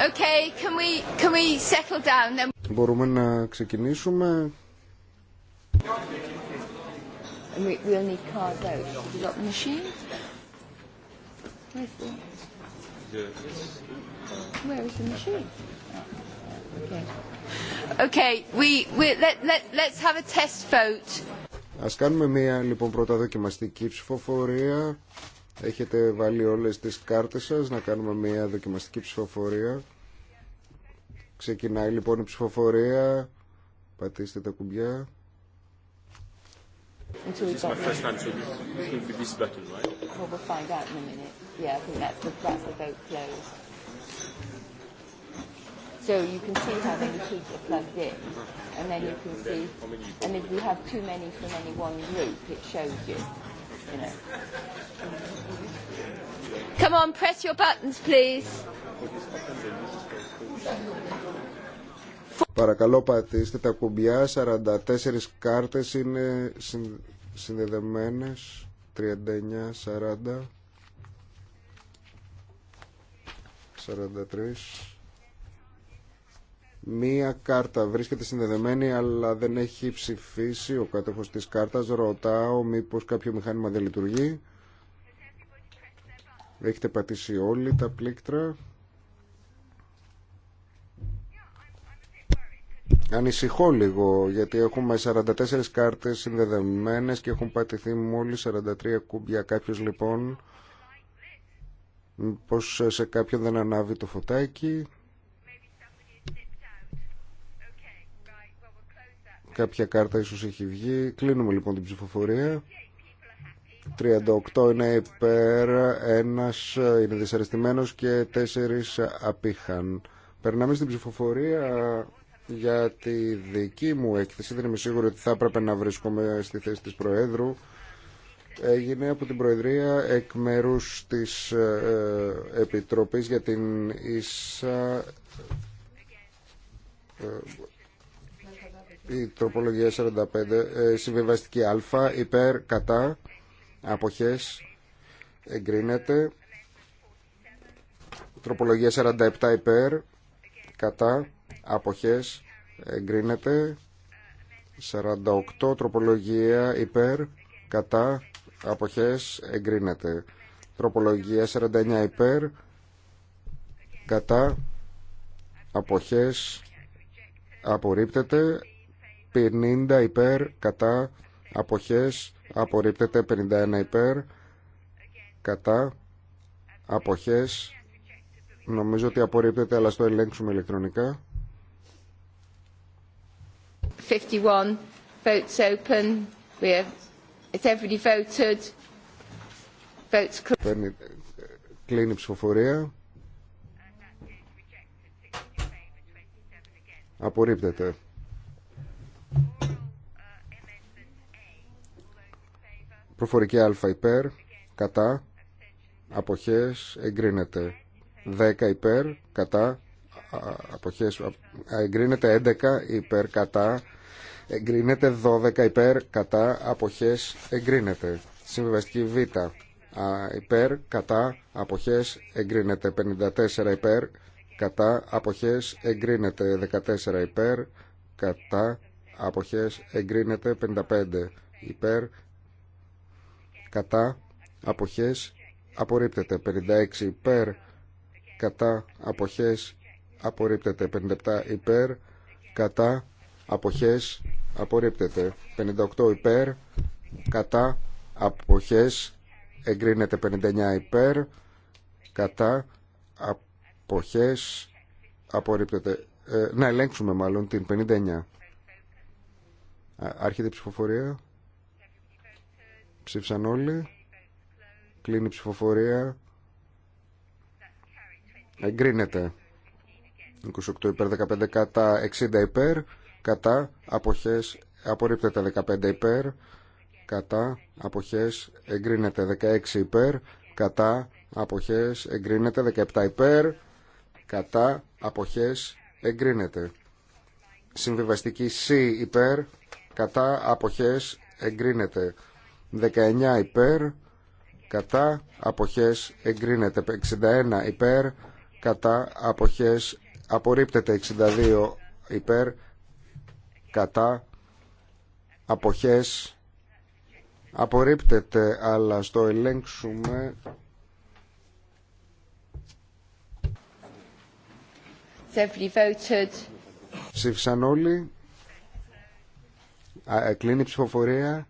Okay, can we, can we settle down then? Μπορούμε να ξεκινήσουμε. We, we'll need cards votes. you got the machine? Where is the machine? Okay. Okay, we, we, let, let, let's have a test vote. Ας κάνουμε μία λοιπόν πρώτα δοκιμαστική ψηφοφορία. Έχετε βάλει όλες τις κάρτες σας να κάνουμε μία δοκιμαστική ψηφοφορία. Ξεκινάει λοιπόν η ψηφοφορία. Πατήστε τα κουμπιά. So you can see how many kids are plugged in. And then you can see, and if you have too many from any one group, it shows you. you know. Come on, press your buttons, please. Παρακαλώ πατήστε τα κουμπιά, 44 κάρτες είναι συνδεδεμένες, 39, 40, 43. Μία κάρτα βρίσκεται συνδεδεμένη αλλά δεν έχει ψηφίσει ο κάτοχος της κάρτας. Ρωτάω μήπως κάποιο μηχάνημα δεν λειτουργεί. Έχετε πατήσει όλοι τα πλήκτρα. Ανησυχώ λίγο γιατί έχουμε 44 κάρτες συνδεδεμένες και έχουν πατηθεί μόλις 43 κούμπια. Κάποιος λοιπόν μήπως σε κάποιον δεν ανάβει το φωτάκι. Κάποια κάρτα ίσως έχει βγει. Κλείνουμε λοιπόν την ψηφοφορία. 38 είναι υπέρ, ένας είναι δυσαρεστημένος και τέσσερις απήχαν. Περνάμε στην ψηφοφορία για τη δική μου έκθεση. Δεν είμαι σίγουρη ότι θα έπρεπε να βρίσκομαι στη θέση της Προέδρου. Έγινε από την Προεδρία εκ μέρου της ε, Επιτροπής για την ίσα ε, η τροπολογία 45 ε, συμβιβαστική α υπέρ κατά αποχές εγκρίνεται τροπολογία 47 υπέρ κατά αποχές εγκρίνεται 48 τροπολογία υπέρ κατά αποχές εγκρίνεται τροπολογία 49 υπέρ κατά αποχές απορρίπτεται 50 υπέρ κατά αποχές απορρίπτεται 51 υπέρ κατά αποχές νομίζω ότι απορρίπτεται αλλά στο ελέγξουμε ηλεκτρονικά 51 votes open we have it's everybody voted votes ε, κλείνει η ψηφοφορία απορρίπτεται Προφορική α υπέρ, κατά, αποχές, εγκρίνεται. 10 υπέρ, κατά, αποχές, εγκρίνεται 11 υπέρ, κατά, εγκρίνεται 12 υπέρ, κατά, αποχές, εγκρίνεται. Συμβιβαστική β, υπέρ, κατά, αποχές, εγκρίνεται. 54 υπέρ, κατά, αποχές, εγκρίνεται. 14 υπέρ, κατά, αποχές εγκρίνεται 55 υπέρ κατά αποχές απορρίπτεται 56 υπέρ κατά αποχές απορρίπτεται 57 υπέρ κατά αποχές απορρίπτεται 58 υπέρ κατά αποχές εγκρίνεται 59 υπέρ κατά αποχές απορρίπτεται ε, να ελέγξουμε μάλλον την 59 Άρχεται η ψηφοφορία. Ψήφισαν όλοι. Κλείνει η ψηφοφορία. Εγκρίνεται. 28 υπέρ, 15 κατά, 60 υπέρ, κατά, αποχές, απορρίπτεται 15 υπέρ, κατά, αποχές, εγκρίνεται 16 υπέρ, κατά, αποχές, εγκρίνεται 17 υπέρ, κατά, αποχές, εγκρίνεται. Συμβιβαστική C υπέρ, κατά αποχές εγκρίνεται 19 υπέρ κατά αποχές εγκρίνεται 61 υπέρ κατά αποχές απορρίπτεται 62 υπέρ κατά αποχές απορρίπτεται αλλά στο ελέγξουμε Ψήφισαν όλοι ε, κλείνει η ψηφοφορία.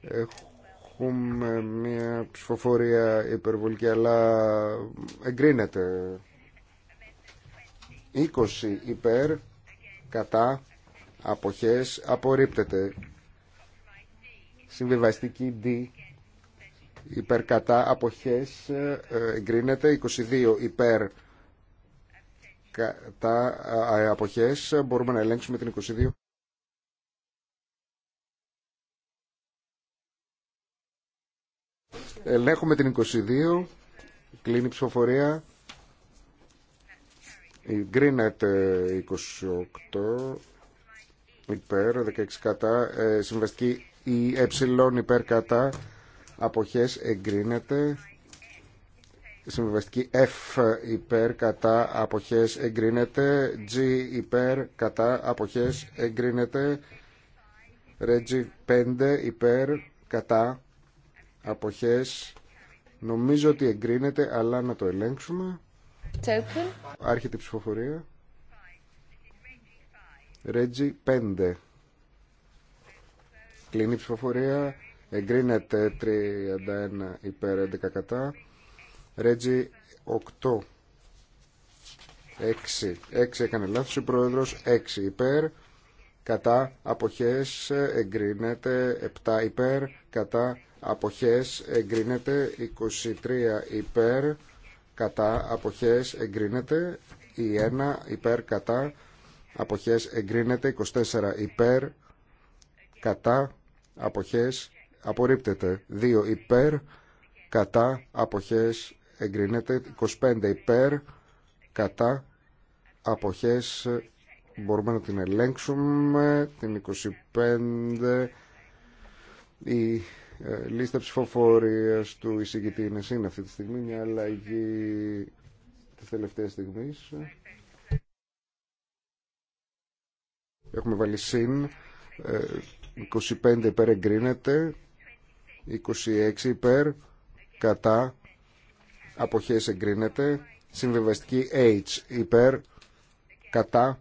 Έχουμε μια ψηφοφορία υπερβολική, αλλά εγκρίνεται. 20 υπέρ, κατά, αποχές, απορρίπτεται. Συμβιβαστική D, υπέρ, κατά, αποχές, ε, εγκρίνεται. 22 υπέρ, κατά, ε, αποχές, μπορούμε να ελέγξουμε την 22. Ελέγχουμε την 22. Κλείνει η ψηφοφορία. Εγκρίνεται 28 υπέρ, 16 κατά. Ε, συμβαστική η ε υπέρ κατά. Αποχές εγκρίνεται. Συμβαστική F υπέρ κατά αποχές εγκρίνεται. G υπέρ κατά αποχές εγκρίνεται. Ρέτζι 5 υπέρ κατά αποχές νομίζω ότι εγκρίνεται αλλά να το ελέγξουμε άρχεται η ψηφοφορία Ρέτζι 5 κλείνει η ψηφοφορία εγκρίνεται 31 υπέρ 11 κατά Ρέτζι 8 6 6 έκανε λάθος ο πρόεδρος 6 υπέρ κατά αποχές εγκρίνεται 7 υπέρ κατά αποχές εγκρίνεται 23 υπέρ κατά αποχές εγκρίνεται η 1 υπέρ κατά αποχές εγκρίνεται 24 υπέρ κατά αποχές απορρίπτεται 2 υπέρ κατά αποχές εγκρίνεται 25 υπέρ κατά αποχές μπορούμε να την ελέγξουμε την 25 η ε, λίστα ψηφοφορία του εισηγητή είναι σύν αυτή τη στιγμή, μια αλλαγή τη τελευταία στιγμή. Έχουμε βάλει συν. 25 ε, υπέρ εγκρίνεται. 26 υπέρ. Κατά. αποχέ εγκρίνεται. Συμβεβαστική H υπέρ. Κατά.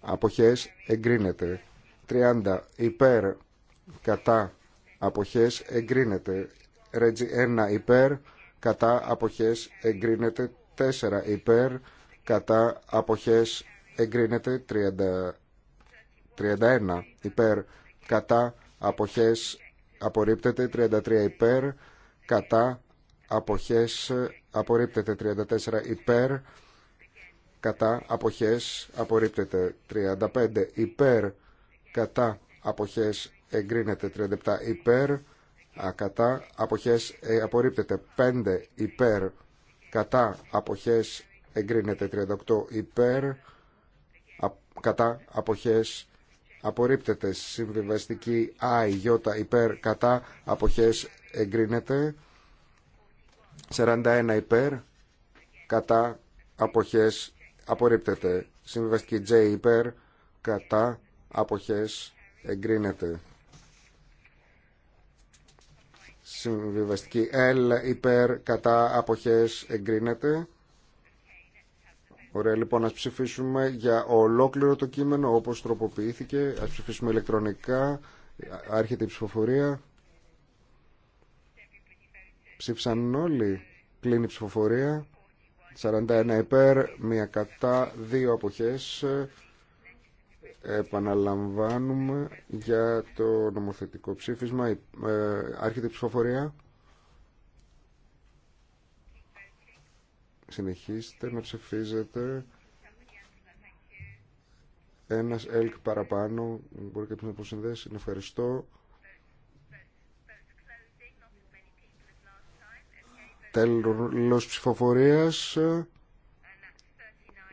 αποχέ εγκρίνεται. 30 υπέρ. Κατά αποχές εγκρίνεται. Ρέτζι 1 υπέρ, κατά αποχές εγκρίνεται. 4 υπέρ, κατά αποχές εγκρίνεται. 30, 31 υπέρ, κατά αποχές απορρίπτεται. 33 υπέρ, κατά αποχές απορρίπτεται. 34 υπέρ, κατά αποχές απορρίπτεται. 35 υπέρ, κατά αποχές εγκρίνεται 37 υπέρ κατά αποχές ε, απορρίπτεται 5 υπέρ κατά αποχές εγκρίνεται 38 υπέρ κατά αποχές απορρίπτεται συμβιβαστική α υπέρ κατά αποχές εγκρίνεται 41 υπέρ κατά αποχές απορρίπτεται συμβιβαστική J υπέρ κατά αποχές εγκρίνεται Συμβιβαστική L υπέρ κατά αποχές εγκρίνεται. Ωραία λοιπόν ας ψηφίσουμε για ολόκληρο το κείμενο όπως τροποποιήθηκε. Ας ψηφίσουμε ηλεκτρονικά. Άρχεται η ψηφοφορία. Ψήφισαν όλοι. Κλείνει η ψηφοφορία. 41 υπέρ, 1 κατά, δύο αποχές. Επαναλαμβάνουμε για το νομοθετικό ψήφισμα. Ε, άρχεται η ψηφοφορία. Συνεχίστε να ψηφίζετε. Ένας ΕΛΚ παραπάνω. Μπορεί κάποιος να προσυνδέσει. Ευχαριστώ. Τέλος ψηφοφορίας.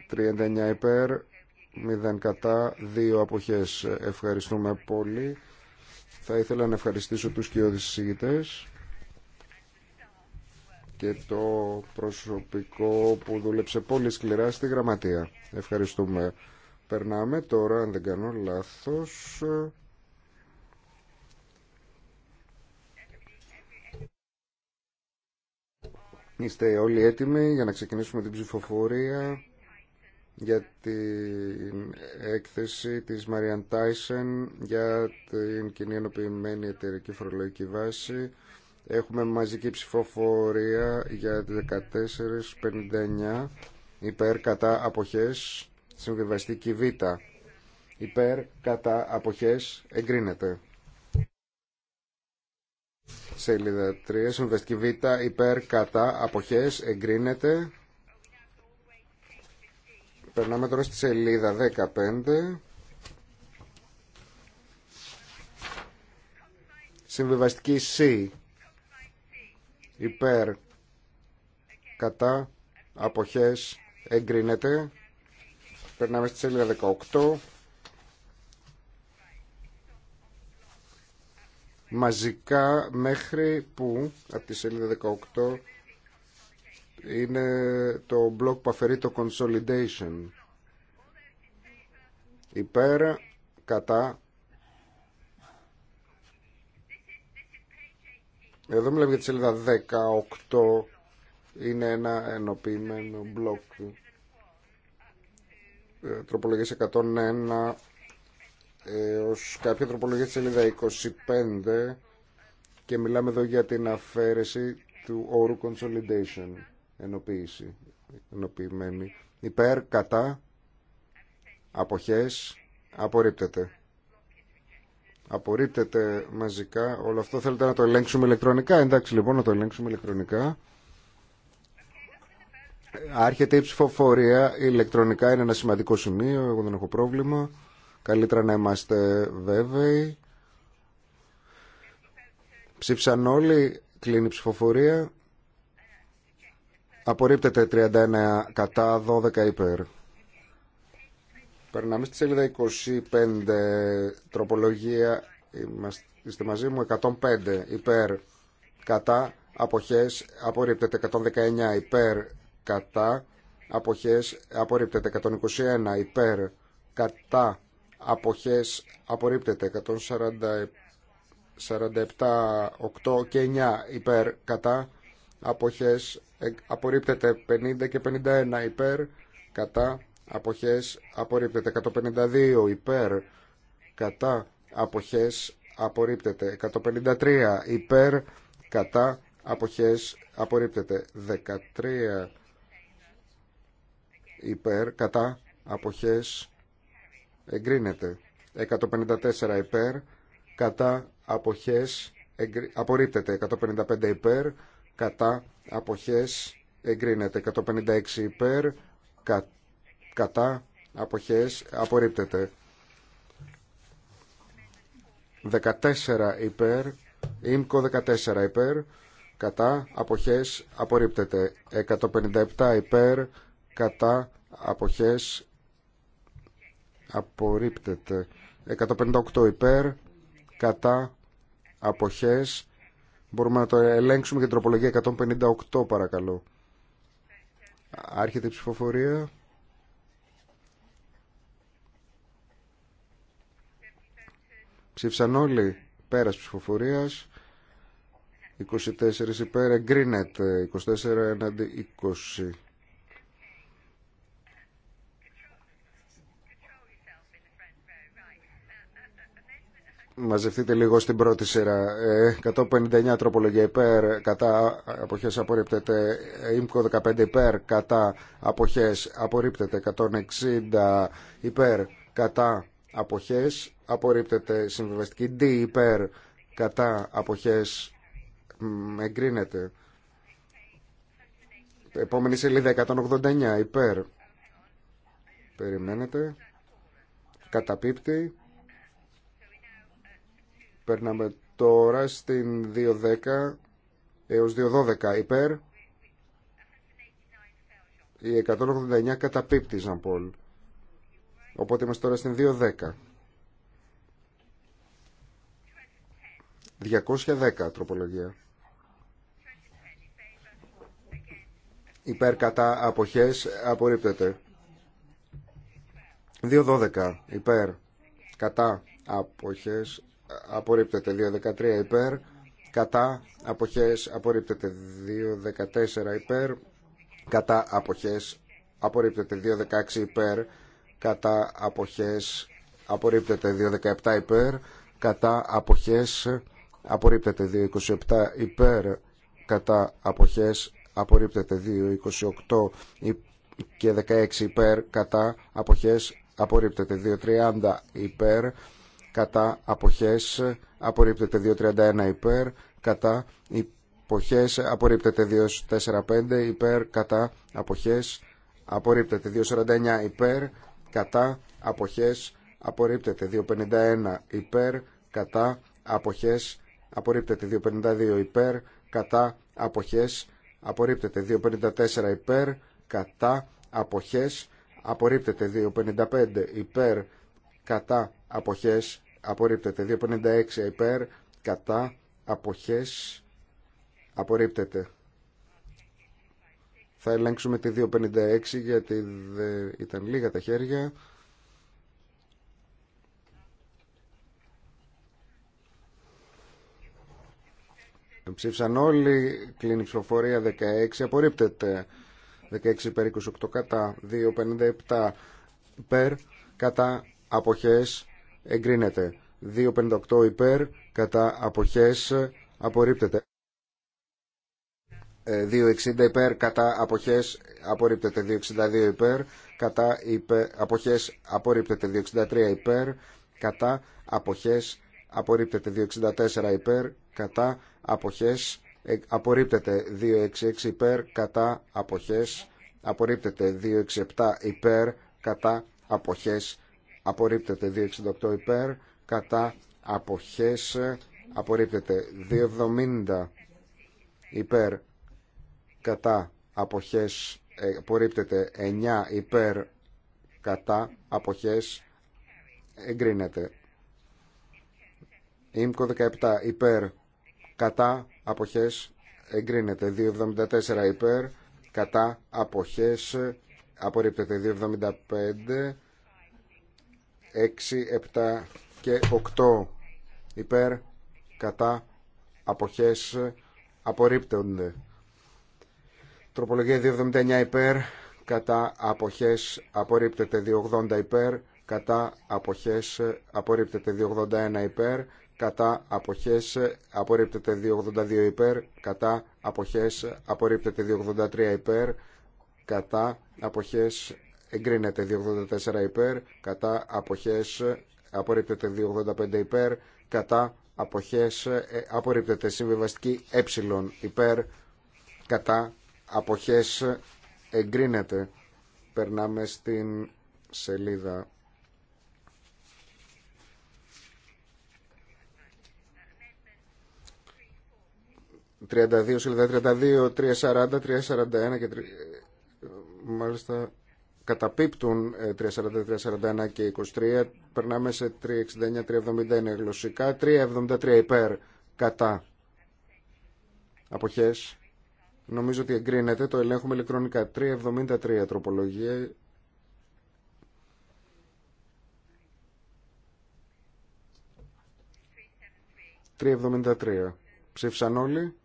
39 υπέρ. 0 κατά, δύο αποχές. Ευχαριστούμε πολύ. Θα ήθελα να ευχαριστήσω τους και συζητητές και το προσωπικό που δούλεψε πολύ σκληρά στη γραμματεία. Ευχαριστούμε. Περνάμε τώρα, αν δεν κάνω λάθος... Είστε όλοι έτοιμοι για να ξεκινήσουμε την ψηφοφορία για την έκθεση της Μαριαν Τάισεν για την κοινή ενοποιημένη εταιρική φορολογική βάση. Έχουμε μαζική ψηφοφορία για 14.59 υπέρ κατά αποχές συμβιβαστική Β. Υπέρ κατά αποχές εγκρίνεται. Σελίδα 3. Συμβιβαστική Β. Υπέρ κατά αποχές εγκρίνεται. Περνάμε τώρα στη σελίδα 15. Συμβιβαστική C. Υπέρ. Κατά. Αποχές. Εγκρίνεται. Περνάμε στη σελίδα 18. Μαζικά μέχρι που, από τη σελίδα 18 είναι το μπλοκ που αφαιρεί το consolidation υπέρ κατά εδώ μιλάμε για τη σελίδα 18 είναι ένα ενοποιημένο μπλοκ ε, τροπολογίες 101 έως κάποια τροπολογία τη σελίδα 25 και μιλάμε εδώ για την αφαίρεση του όρου consolidation ενοποίηση, ενοποιημένη. Υπέρ, κατά, αποχές, απορρίπτεται. Απορρίπτεται μαζικά. Όλο αυτό θέλετε να το ελέγξουμε ηλεκτρονικά. Εντάξει λοιπόν να το ελέγξουμε ηλεκτρονικά. Άρχεται η ψηφοφορία ηλεκτρονικά, είναι ένα σημαντικό σημείο, εγώ δεν έχω πρόβλημα. Καλύτερα να είμαστε βέβαιοι. Ψήψαν όλοι, κλείνει η ψηφοφορία. Απορρίπτεται 39 κατά 12 υπέρ. Περνάμε στη σελίδα 25 τροπολογία. Είμαστε, είστε μαζί μου 105 υπέρ κατά αποχές απορρίπτεται 119 υπέρ κατά αποχές απορρίπτεται 121 υπέρ κατά αποχές απορρίπτεται 147 8 και 9 υπέρ κατά αποχές ε, απορρίπτεται 50 και 51 υπέρ κατά αποχές απορρίπτεται 152 υπέρ κατά αποχές απορρίπτεται 153 υπέρ κατά αποχές απορρίπτεται 13 υπέρ κατά αποχές εγκρίνεται 154 υπέρ κατά αποχές εγκρι... απορρίπτεται 155 υπέρ κατά αποχές εγκρίνεται 156 υπέρ κατά αποχές απορρίπτεται 14 υπέρ ΙΜΚΟ 14 υπέρ κατά αποχές απορρίπτεται 157 υπέρ κατά αποχές απορρίπτεται 158 υπέρ κατά αποχές Μπορούμε να το ελέγξουμε για την τροπολογία 158 παρακαλώ. Άρχεται η ψηφοφορία. Ψήφισαν όλοι πέρας ψηφοφορίας. 24 υπέρ εγκρίνεται, 24 έναντι 20. μαζευτείτε λίγο στην πρώτη σειρά. 159 ε, τροπολογία υπέρ, κατά αποχές απορρίπτεται. ΙΜΚΟ 15 υπέρ, κατά αποχές απορρίπτεται. 160 υπέρ, κατά αποχές απορρίπτεται. Συμβιβαστική D υπέρ, κατά αποχές εγκρίνεται. Επόμενη σελίδα 189 υπέρ. Περιμένετε. Καταπίπτει. Περνάμε τώρα στην 2.10 έως 2.12 υπέρ. Η 189 καταπίπτει Ζαμπόλ. Οπότε είμαστε τώρα στην 2.10. 210 τροπολογία. Υπέρ κατά αποχές απορρίπτεται. 2.12 υπέρ κατά αποχές απορρίπτεται 2.13 υπέρ κατά αποχές απορρίπτεται 2.14 υπέρ κατά αποχές απορρίπτεται 2.16 υπέρ κατά αποχές απορρίπτεται 2.17 υπέρ κατά αποχές απορρίπτεται 2.27 υπέρ κατά αποχές απορρίπτεται 2.28 και 16 υπέρ κατά αποχές απορρίπτεται 2.30 υπέρ κατά αποχές απορρίπτεται 2.31 υπέρ κατά αποχές απορρίπτεται 2.45 υπέρ κατά αποχές απορρίπτεται 2.49 υπέρ κατά αποχές απορρίπτεται 2.51 υπέρ κατά αποχές απορρίπτεται 2.52 υπέρ κατά αποχές απορρίπτεται 2.54 υπέρ κατά αποχές απορρίπτεται 2.55 υπέρ κατά αποχές απορρίπτεται. 2.56 υπέρ, κατά, αποχές, απορρίπτεται. Θα ελέγξουμε τη 2.56 γιατί ήταν λίγα τα χέρια. Ψήφισαν όλοι, κλείνει ψηφοφορία 16, απορρίπτεται 16 υπέρ 28 κατά, 2.57 υπέρ κατά αποχές εγκρίνεται. 2.58 υπέρ κατά αποχές απορρίπτεται. 2.60 ε, υπέρ κατά αποχές απορρίπτεται. 2.62 υπέρ κατά υπε, αποχές απορρίπτεται. 2.63 υπέρ κατά αποχές απορρίπτεται. 2.64 ε, υπέρ κατά αποχές απορρίπτεται. 2.66 υπέρ κατά αποχές απορρίπτεται. 2.67 υπέρ κατά αποχές απορρίπτεται 268 υπέρ κατά αποχές απορρίπτεται 270 ε, υπέρ κατά αποχές απορρίπτεται 9 υπέρ κατά αποχές εγκρίνεται ΙΜΚΟ 17 υπέρ κατά αποχές εγκρίνεται 274 υπέρ κατά αποχές απορρίπτεται 275 6, 7 και 8 υπέρ, κατά, αποχές, απορρίπτονται. Τροπολογία 279 υπέρ, κατά, αποχές, απορρίπτεται 280 υπέρ, κατά, αποχές, απορρίπτεται 281 υπέρ, κατά, αποχές, απορρίπτεται 282 υπέρ, κατά, αποχές, απορρίπτεται 283 υπέρ, κατά, αποχές, εγκρίνεται 284 υπέρ, κατά αποχές απορρίπτεται 285 υπέρ, κατά αποχές ε, απορρίπτεται συμβιβαστική ε υπέρ, κατά αποχές εγκρίνεται. Περνάμε στην σελίδα 32, σελίδα 32, 340, 341 και 3... Ε, μάλιστα καταπίπτουν 343, ε, και 23, περνάμε σε 369, 379 γλωσσικά, 373 υπέρ κατά αποχές. Νομίζω ότι εγκρίνεται, το ελέγχουμε ηλεκτρονικά. 373 τροπολογία. ...373. Ψήφισαν όλοι.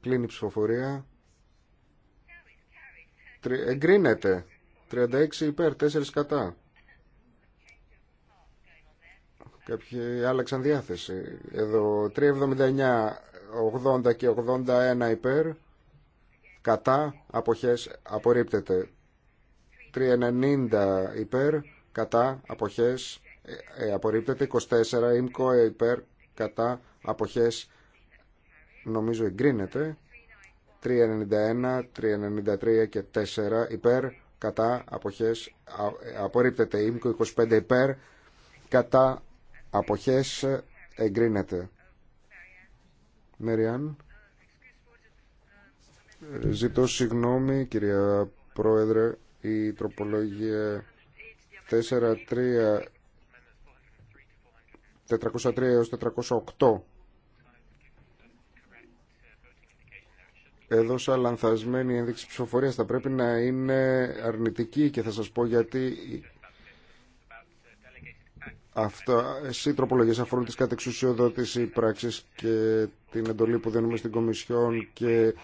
Κλείνει η ψηφοφορία. Εγκρίνεται. 36 υπέρ, 4 κατά. Κάποιοι άλλαξαν διάθεση. Εδώ 3,79, 80 και 81 υπέρ. Κατά, αποχές, απορρίπτεται. 3,90 υπέρ, κατά, αποχές, ε, ε απορρίπτεται. 24, ε, υπέρ, κατά, αποχές, νομίζω εγκρίνεται. 391, 393 και 4 υπέρ, κατά, αποχές, απορρίπτεται. Ήμικο 25 υπέρ, κατά, αποχές, εγκρίνεται. Μεριάν. Ζητώ συγγνώμη, κυρία Πρόεδρε, η τροπολογία 4-3... 403 έως 408 έδωσα λανθασμένη ένδειξη ψηφοφορίας. Θα πρέπει να είναι αρνητική και θα σας πω γιατί αυτά, οι τροπολογίες αφορούν τις κατεξουσιοδότηση πράξης και την εντολή που δίνουμε στην Κομισιόν και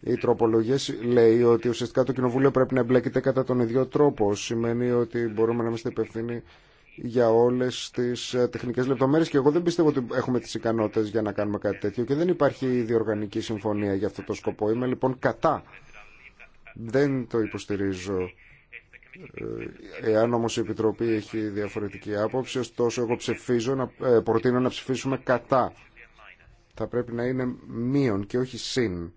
οι τροπολογίες λέει ότι ουσιαστικά το Κοινοβούλιο πρέπει να εμπλέκεται κατά τον ίδιο τρόπο. Σημαίνει ότι μπορούμε να είμαστε υπευθύνοι για όλες τις ε, τεχνικές λεπτομέρειες και εγώ δεν πιστεύω ότι έχουμε τις ικανότητε για να κάνουμε κάτι τέτοιο και δεν υπάρχει οργανική συμφωνία για αυτό το σκοπό. Είμαι λοιπόν κατά. Δεν το υποστηρίζω. Ε, εάν όμως η Επιτροπή έχει διαφορετική άποψη, ωστόσο εγώ ψηφίζω να, ε, προτείνω να ψηφίσουμε κατά. Θα πρέπει να είναι μείον και όχι συν.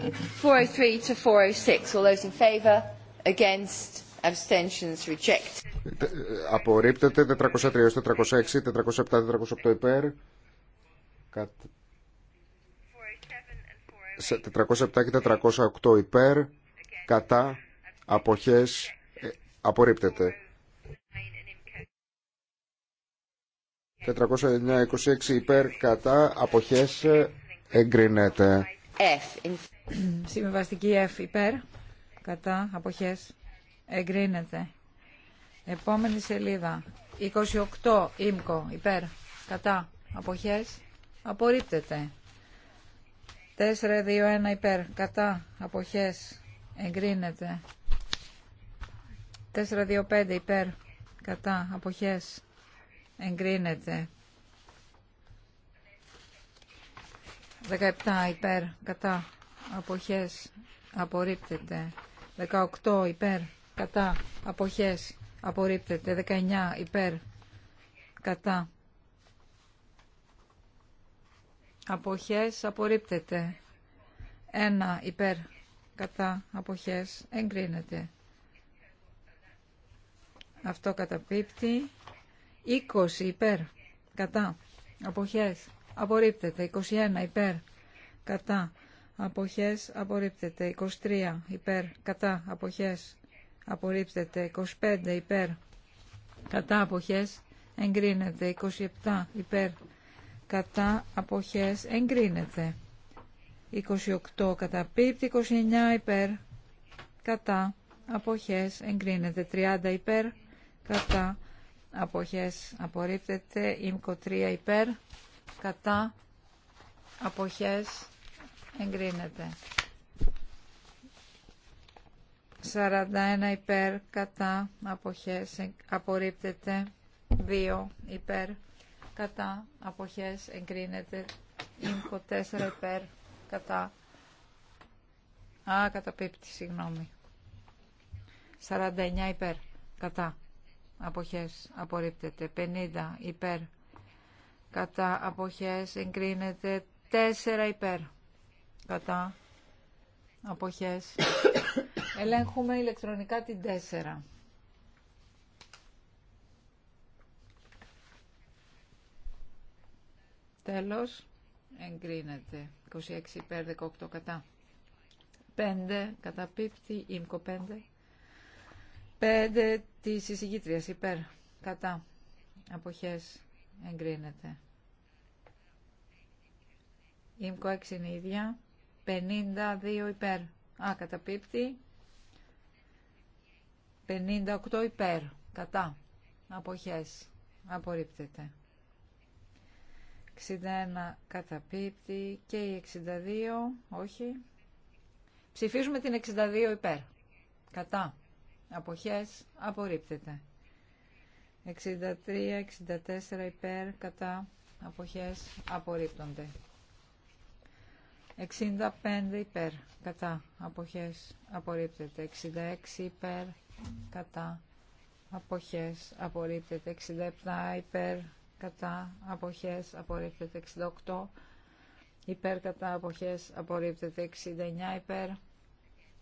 403 406. All those in favour, against, abstentions, reject. Ε, απορρίπτεται 403 406, 407, 408 υπέρ. 407 και 408 υπέρ, κατά, αποχές, ε, απορρίπτεται. 409-26 υπέρ, κατά, αποχές, ε, εγκρίνεται. Συμβιβαστική F υπέρ. Κατά. Αποχές. Εγκρίνεται. Επόμενη σελίδα. 28 ΙΜΚΟ υπέρ. Κατά. Αποχές. Απορρίπτεται. 4-2-1 υπέρ. Κατά. Αποχές. Εγκρίνεται. 4-2-5 υπέρ. Κατά. Αποχές. Εγκρίνεται. 17 υπέρ. Κατά αποχές απορρίπτεται 18 υπέρ κατά αποχές απορρίπτεται 19 υπέρ κατά αποχές απορρίπτεται 1 υπέρ κατά αποχές εγκρίνεται αυτό καταπίπτει 20 υπέρ κατά αποχές απορρίπτεται 21 υπέρ κατά αποχές απορρίπτεται 23 υπέρ κατά αποχές απορρίπτεται 25 υπέρ κατά αποχές εγκρίνεται 27 υπέρ κατά αποχές εγκρίνεται 28 κατά πίπτη 29 υπέρ κατά αποχές εγκρίνεται 30 υπέρ κατά αποχές απορρίπτεται 23 3 υπέρ κατά αποχές εγκρίνεται. 41 υπέρ κατά αποχές απορρίπτεται 2 υπέρ κατά αποχές εγκρίνεται 4 υπέρ κατά α καταπίπτει συγγνώμη 49 υπέρ κατά αποχές απορρίπτεται 50 υπέρ κατά αποχές εγκρίνεται 4 υπέρ κατά αποχές. Ελέγχουμε ηλεκτρονικά την 4. Τέλος, εγκρίνεται. 26 υπέρ 18 κατά. 5 κατά πίπτη, ΙΜΚΟ 5. 5 της εισηγήτριας υπέρ κατά αποχές εγκρίνεται. ΙΜΚΟ 6 είναι ίδια. 52 υπέρ. Α, καταπίπτει. 58 υπέρ. Κατά. Αποχές. Απορρίπτεται. 61 καταπίπτει και η 62, όχι. Ψηφίζουμε την 62 υπέρ. Κατά. Αποχές. Απορρίπτεται. 63, 64 υπέρ. Κατά. Αποχές. Απορρίπτονται. 65 υπέρ κατά αποχές απορρίπτεται 66 υπέρ κατά αποχές απορρίπτεται 67 υπέρ κατά αποχές απορρίπτεται 68 υπέρ κατά αποχές απορρίπτεται 69 υπέρ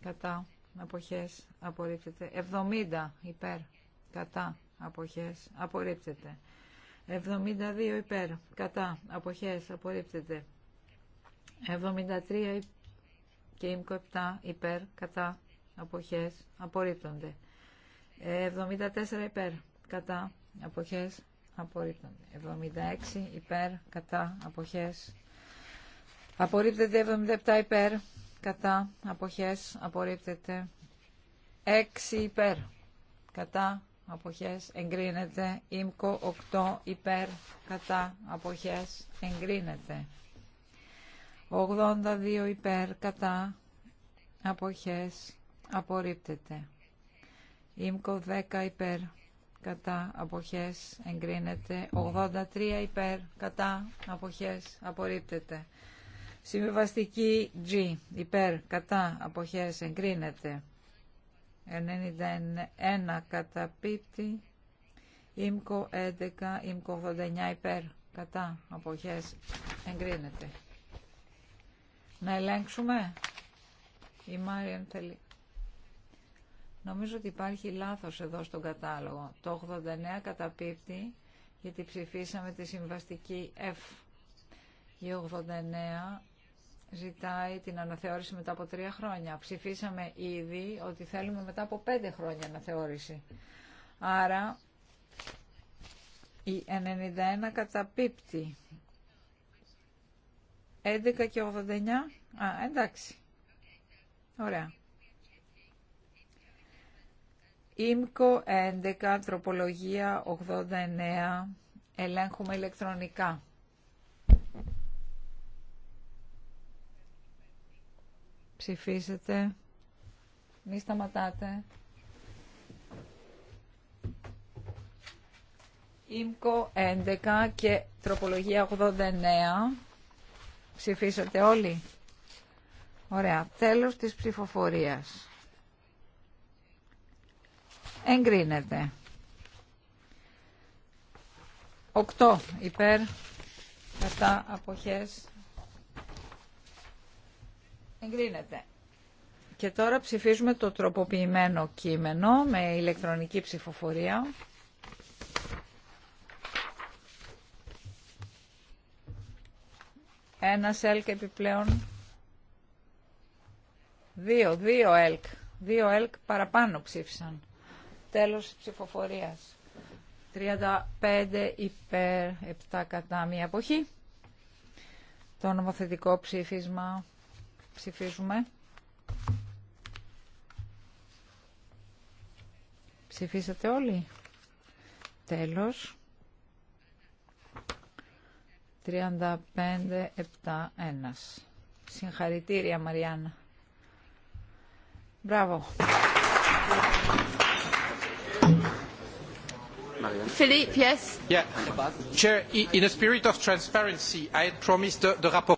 κατά αποχές απορρίπτεται 70 υπέρ κατά αποχές απορρίπτεται 72 υπέρ κατά αποχές απορρίπτεται 73 και 27 7 υπέρ κατά αποχές απορρίπτονται. 74 υπέρ κατά αποχές απορρίπτονται. 76 υπέρ κατά αποχές απορρίπτεται. 77 υπέρ κατά αποχές απορρίπτεται. 6 υπέρ κατά αποχές εγκρίνεται. μκο 8 υπέρ κατά αποχές εγκρίνεται. 82 υπέρ κατά αποχές απορρίπτεται. Ήμκο 10 υπέρ κατά αποχές εγκρίνεται. 83 υπέρ κατά αποχές απορρίπτεται. Συμβιβαστική G υπέρ κατά αποχές εγκρίνεται. 91 καταπίπτει. Ήμκο 11, Ήμκο 89 υπέρ κατά αποχές εγκρίνεται. Να ελέγξουμε. Η Μάριαν θέλει. Νομίζω ότι υπάρχει λάθος εδώ στον κατάλογο. Το 89 καταπίπτει γιατί ψηφίσαμε τη συμβαστική F. Η 89 ζητάει την αναθεώρηση μετά από τρία χρόνια. Ψηφίσαμε ήδη ότι θέλουμε μετά από πέντε χρόνια αναθεώρηση. Άρα η 91 καταπίπτει. 11 και 89. Α, εντάξει. Ωραία. Ίμκο 11, τροπολογία 89. Ελέγχουμε ηλεκτρονικά. Ψηφίσετε. Μη σταματάτε. Ίμκο 11 και τροπολογία 89. Ψηφίσατε όλοι. Ωραία. Τέλος της ψηφοφορίας. Εγκρίνεται. Οκτώ υπέρ κατά αποχές. Εγκρίνεται. Και τώρα ψηφίζουμε το τροποποιημένο κείμενο με ηλεκτρονική ψηφοφορία. Ένα ΕΛΚ επιπλέον. Δύο, δύο ΕΛΚ. Δύο ΕΛΚ παραπάνω ψήφισαν. Τέλος ψηφοφορίας. 35 υπέρ, 7 κατά μία εποχή. Το νομοθετικό ψήφισμα ψηφίζουμε. Ψηφίσατε όλοι. Τέλος. 35-7-1. Συγχαρητήρια Μαριάννα. Μπράβο. yes. Yeah. Chair, in a spirit of transparency, I had promised the, rapport.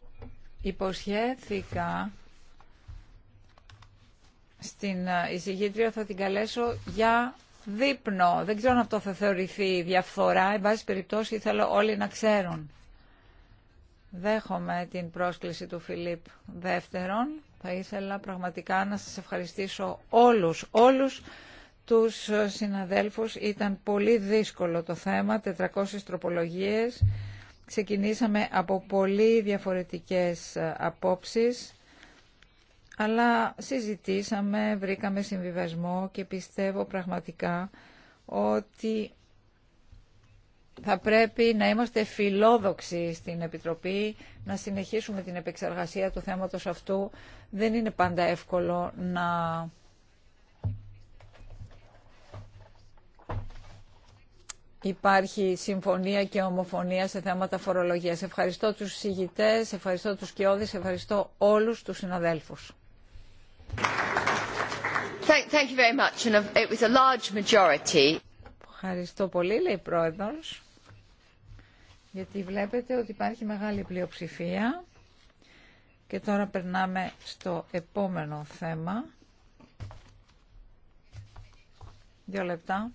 Υποσχέθηκα στην ε, εισηγήτρια θα την καλέσω για δείπνο. Δεν ξέρω αν αυτό θα θεωρηθεί διαφθορά. Εν πάση περιπτώσει, θέλω όλοι να ξέρουν. Δέχομαι την πρόσκληση του Φιλίπ Δεύτερον. Θα ήθελα πραγματικά να σας ευχαριστήσω όλους, όλους τους συναδέλφους. Ήταν πολύ δύσκολο το θέμα, 400 τροπολογίες. Ξεκινήσαμε από πολύ διαφορετικές απόψεις, αλλά συζητήσαμε, βρήκαμε συμβιβασμό και πιστεύω πραγματικά ότι θα πρέπει να είμαστε φιλόδοξοι στην Επιτροπή, να συνεχίσουμε την επεξεργασία του θέματος αυτού. Δεν είναι πάντα εύκολο να υπάρχει συμφωνία και ομοφωνία σε θέματα φορολογίας. Ευχαριστώ τους συγητές, ευχαριστώ τους κοιόδης, ευχαριστώ όλους τους συναδέλφους. Ευχαριστώ πολύ, λέει η Πρόεδρος γιατί βλέπετε ότι υπάρχει μεγάλη πλειοψηφία και τώρα περνάμε στο επόμενο θέμα. Δύο λεπτά.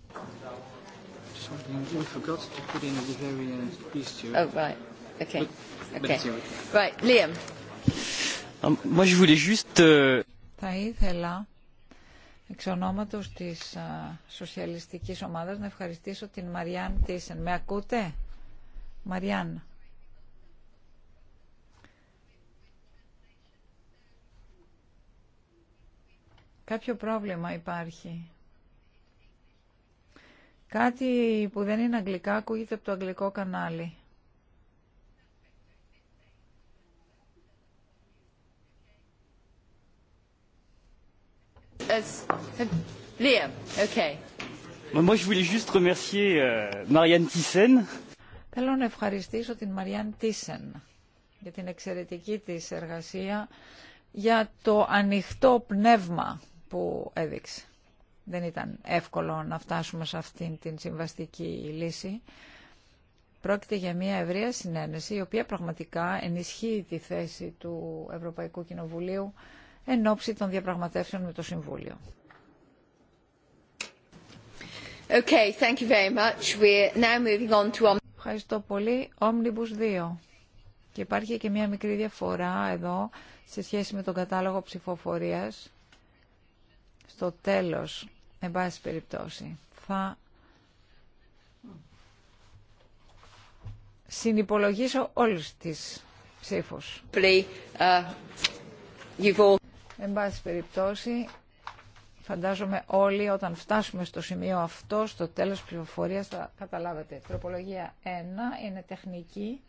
Θα ήθελα εξ ονόματος της σοσιαλιστικής ομάδας να ευχαριστήσω την Μαριάν Τίσεν. Με ακούτε? Μαριάννα. Κάποιο πρόβλημα υπάρχει. Κάτι που δεν είναι αγγλικά ακούγεται από το αγγλικό κανάλι. οκ. okay. Moi, je voulais juste remercier euh, Marianne Thyssen Θέλω να ευχαριστήσω την Μαριάν Τίσεν για την εξαιρετική της εργασία, για το ανοιχτό πνεύμα που έδειξε. Δεν ήταν εύκολο να φτάσουμε σε αυτήν την συμβαστική λύση. Πρόκειται για μια ευρεία συνένεση, η οποία πραγματικά ενισχύει τη θέση του Ευρωπαϊκού Κοινοβουλίου εν ώψη των διαπραγματεύσεων με το Συμβούλιο. Okay, thank you very much. now moving Ευχαριστώ πολύ. Omnibus 2. Και υπάρχει και μία μικρή διαφορά εδώ σε σχέση με τον κατάλογο ψηφοφορίας στο τέλος, εν πάση περιπτώσει. Θα συνυπολογίσω όλους τις ψήφους. Uh, εν περιπτώσει, Φαντάζομαι όλοι όταν φτάσουμε στο σημείο αυτό, στο τέλος πληροφορίας, θα καταλάβετε. Τροπολογία 1 είναι τεχνική.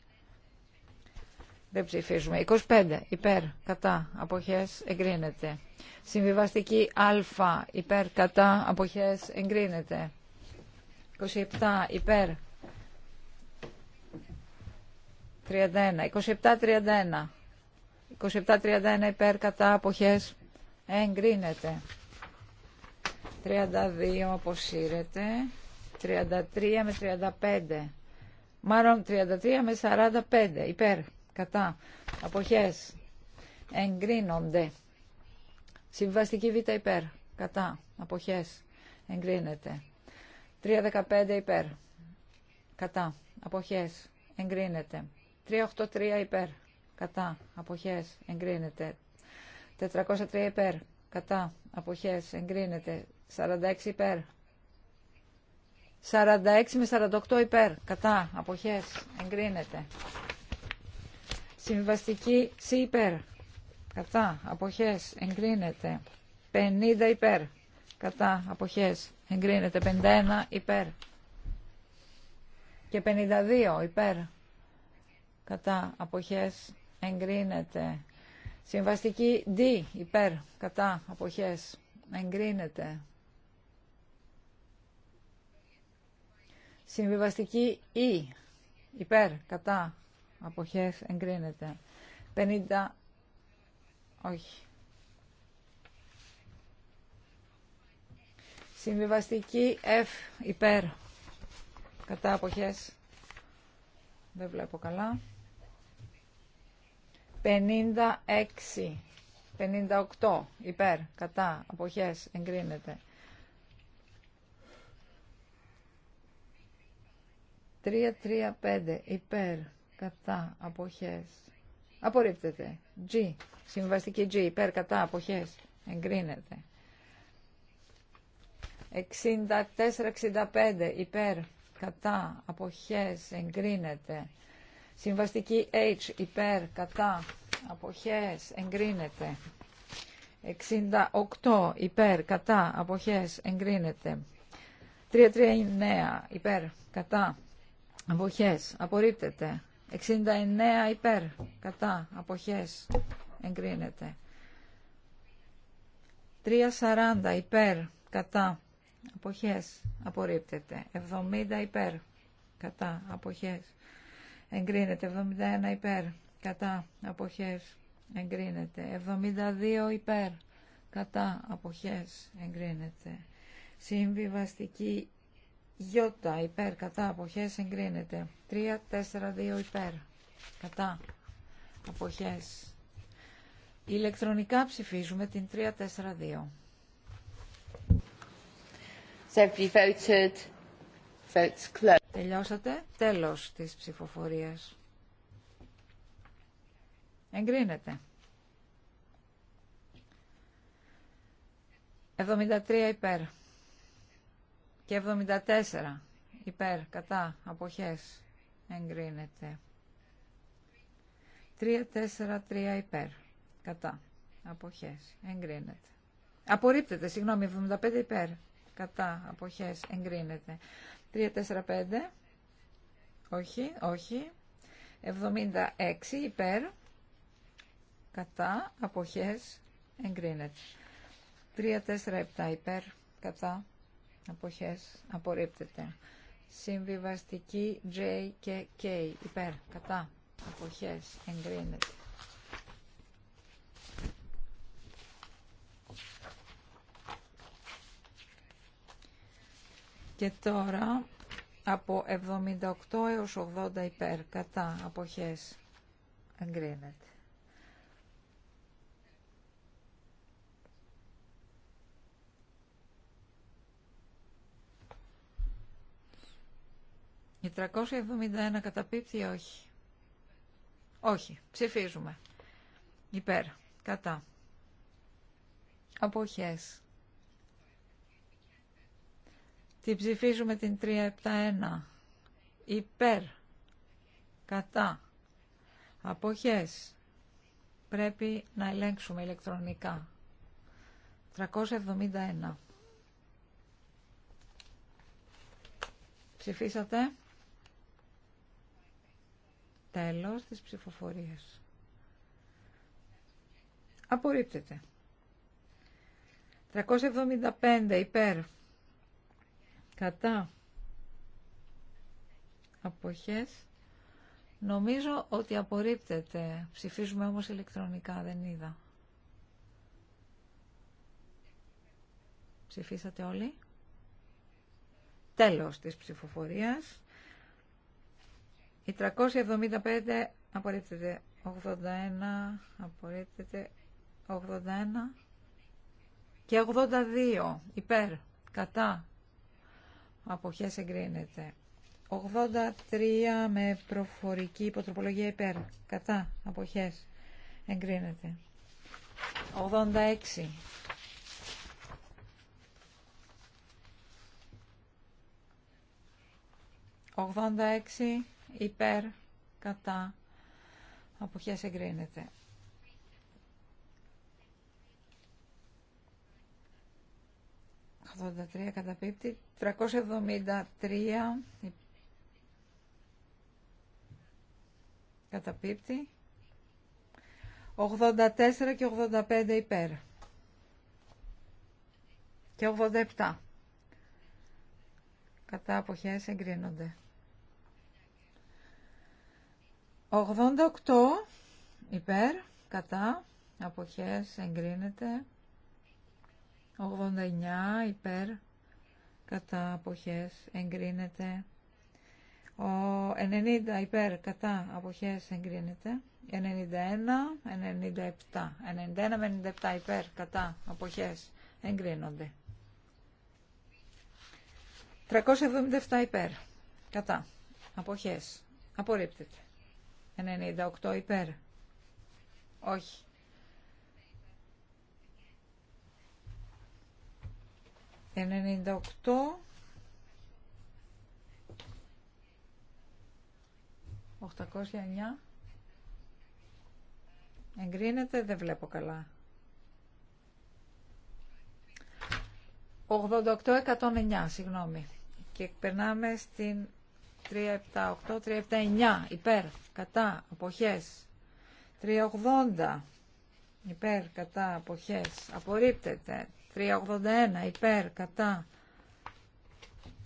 Δεν ψηφίζουμε. 25 υπέρ, κατά, αποχές, εγκρίνεται. Συμβιβαστική α υπέρ, κατά, αποχές, εγκρίνεται. 27 υπέρ. 31. 27-31. 27-31 υπέρ, κατά, αποχές, εγκρίνεται. 32 αποσύρεται. 33 με 35. Μάλλον 33 με 45. Υπέρ. Κατά. Αποχές. Εγκρίνονται. Συμβαστική β υπέρ. Κατά. Αποχές. Εγκρίνεται. 315 υπέρ. Κατά. Αποχές. Εγκρίνεται. 383 υπέρ. Κατά. Αποχές. Εγκρίνεται. 403 υπέρ. Κατά. Αποχές εγκρίνεται. 46 υπέρ. 46 με 48 υπέρ. Κατά. Αποχές εγκρίνεται. Συμβαστική σι υπέρ. Κατά. Αποχές εγκρίνεται. 50 υπέρ. Κατά. Αποχές εγκρίνεται. 51 υπέρ. Και 52 υπέρ. Κατά. Αποχές εγκρίνεται. Συμβαστική D, υπέρ, κατά, αποχές, εγκρίνεται. Συμβιβαστική E, υπέρ, κατά, αποχές, εγκρίνεται. 50, όχι. Συμβιβαστική F, υπέρ, κατά, αποχές, δεν βλέπω καλά. 56, 58 υπέρ, κατά, αποχές, εγκρίνεται. 5, υπέρ, κατά, αποχές, απορρίπτεται. G, συμβαστική G, υπέρ, κατά, αποχές, εγκρίνεται. 64-65 υπέρ, κατά, αποχές, εγκρίνεται. Συμβαστική H υπέρ κατά αποχές εγκρίνεται. 68 υπέρ κατά αποχές εγκρίνεται. 339 υπέρ κατά αποχές απορρίπτεται. 69 υπέρ κατά αποχές εγκρίνεται. 340 υπέρ κατά αποχές απορρίπτεται. 70 υπέρ κατά αποχές εγκρίνεται 71 υπέρ κατά αποχές εγκρίνεται 72 υπέρ κατά αποχές εγκρίνεται συμβιβαστική γιώτα υπέρ κατά αποχές εγκρίνεται 3-4-2 υπέρ κατά αποχές ηλεκτρονικά ψηφίζουμε την 3-4-2 voted Τελειώσατε. Τέλος της ψηφοφορίας. Εγκρίνεται. 73 υπέρ και 74 υπέρ κατά αποχές εγκρίνεται. 3-4-3 υπέρ κατά αποχές εγκρίνεται. Απορρίπτεται, συγγνώμη, 75 υπέρ κατά αποχές εγκρίνεται. 3, 4, 5. Όχι, όχι. 76 υπέρ. Κατά. Αποχές. Εγκρίνεται. 3, 4, 7 υπέρ. Κατά. Αποχές. Απορρίπτεται. Συμβιβαστική J και K υπέρ. Κατά. Αποχές. Εγκρίνεται. Και τώρα από 78 έως 80 υπέρ, κατά, αποχές, εγκρίνεται. Η 371 καταπίπτει ή όχι. Όχι. Ψηφίζουμε. Υπέρ. Κατά. Αποχές. Την ψηφίζουμε την 371. Υπέρ. Κατά. Αποχές. Πρέπει να ελέγξουμε ηλεκτρονικά. 371. Ψηφίσατε. Τέλος της ψηφοφορίας. Απορρίπτεται. 375 υπέρ κατά αποχές νομίζω ότι απορρίπτεται ψηφίζουμε όμως ηλεκτρονικά δεν είδα ψηφίσατε όλοι τέλος της ψηφοφορίας η 375 απορρίπτεται 81 απορρίπτεται 81 και 82 υπέρ κατά αποχές εγκρίνεται. 83 με προφορική υποτροπολογία υπέρ. Κατά. Αποχές. Εγκρίνεται. 86. 86 υπέρ κατά αποχές εγκρίνεται. 83 καταπίπτει. 373 καταπίπτει. 84 και 85 υπέρ. Και 87. Κατά αποχές εγκρίνονται. 88 υπέρ. Κατά αποχές εγκρίνεται. 89 υπέρ κατά αποχές εγκρίνεται. Ο 90 υπέρ κατά αποχές εγκρίνεται. 91, 97. 91 με 97 υπέρ κατά αποχές εγκρίνονται. 377 υπέρ κατά αποχές απορρίπτεται. 98 υπέρ. Όχι. 98 809 Εγκρίνεται, δεν βλέπω καλά. 88-109, συγγνώμη. Και περνάμε στην 378-379, υπέρ, κατά, αποχές. 380, υπέρ, κατά, αποχές, απορρίπτεται. 381 υπέρ κατά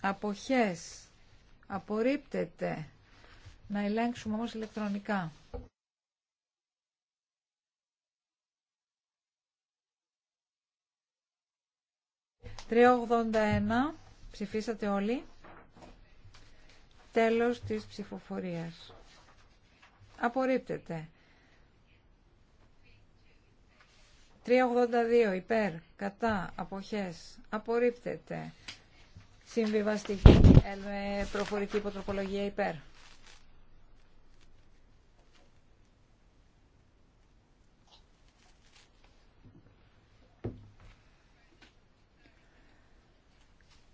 αποχές απορρίπτεται να ελέγξουμε όμως ηλεκτρονικά ...381, ψηφίσατε όλοι, τέλος της ψηφοφορίας. Απορρίπτεται. 382 υπέρ, κατά, αποχές, απορρίπτεται. Συμβιβαστική ε, προφορική υποτροπολογία υπέρ.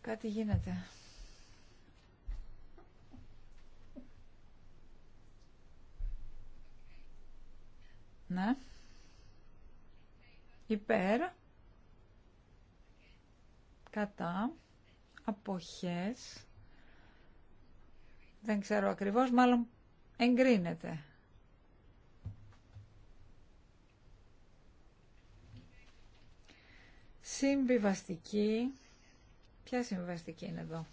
Κάτι γίνεται. Ναι υπέρ, κατά, αποχές, δεν ξέρω ακριβώς, μάλλον εγκρίνεται. Συμβιβαστική, ποια συμβιβαστική είναι εδώ.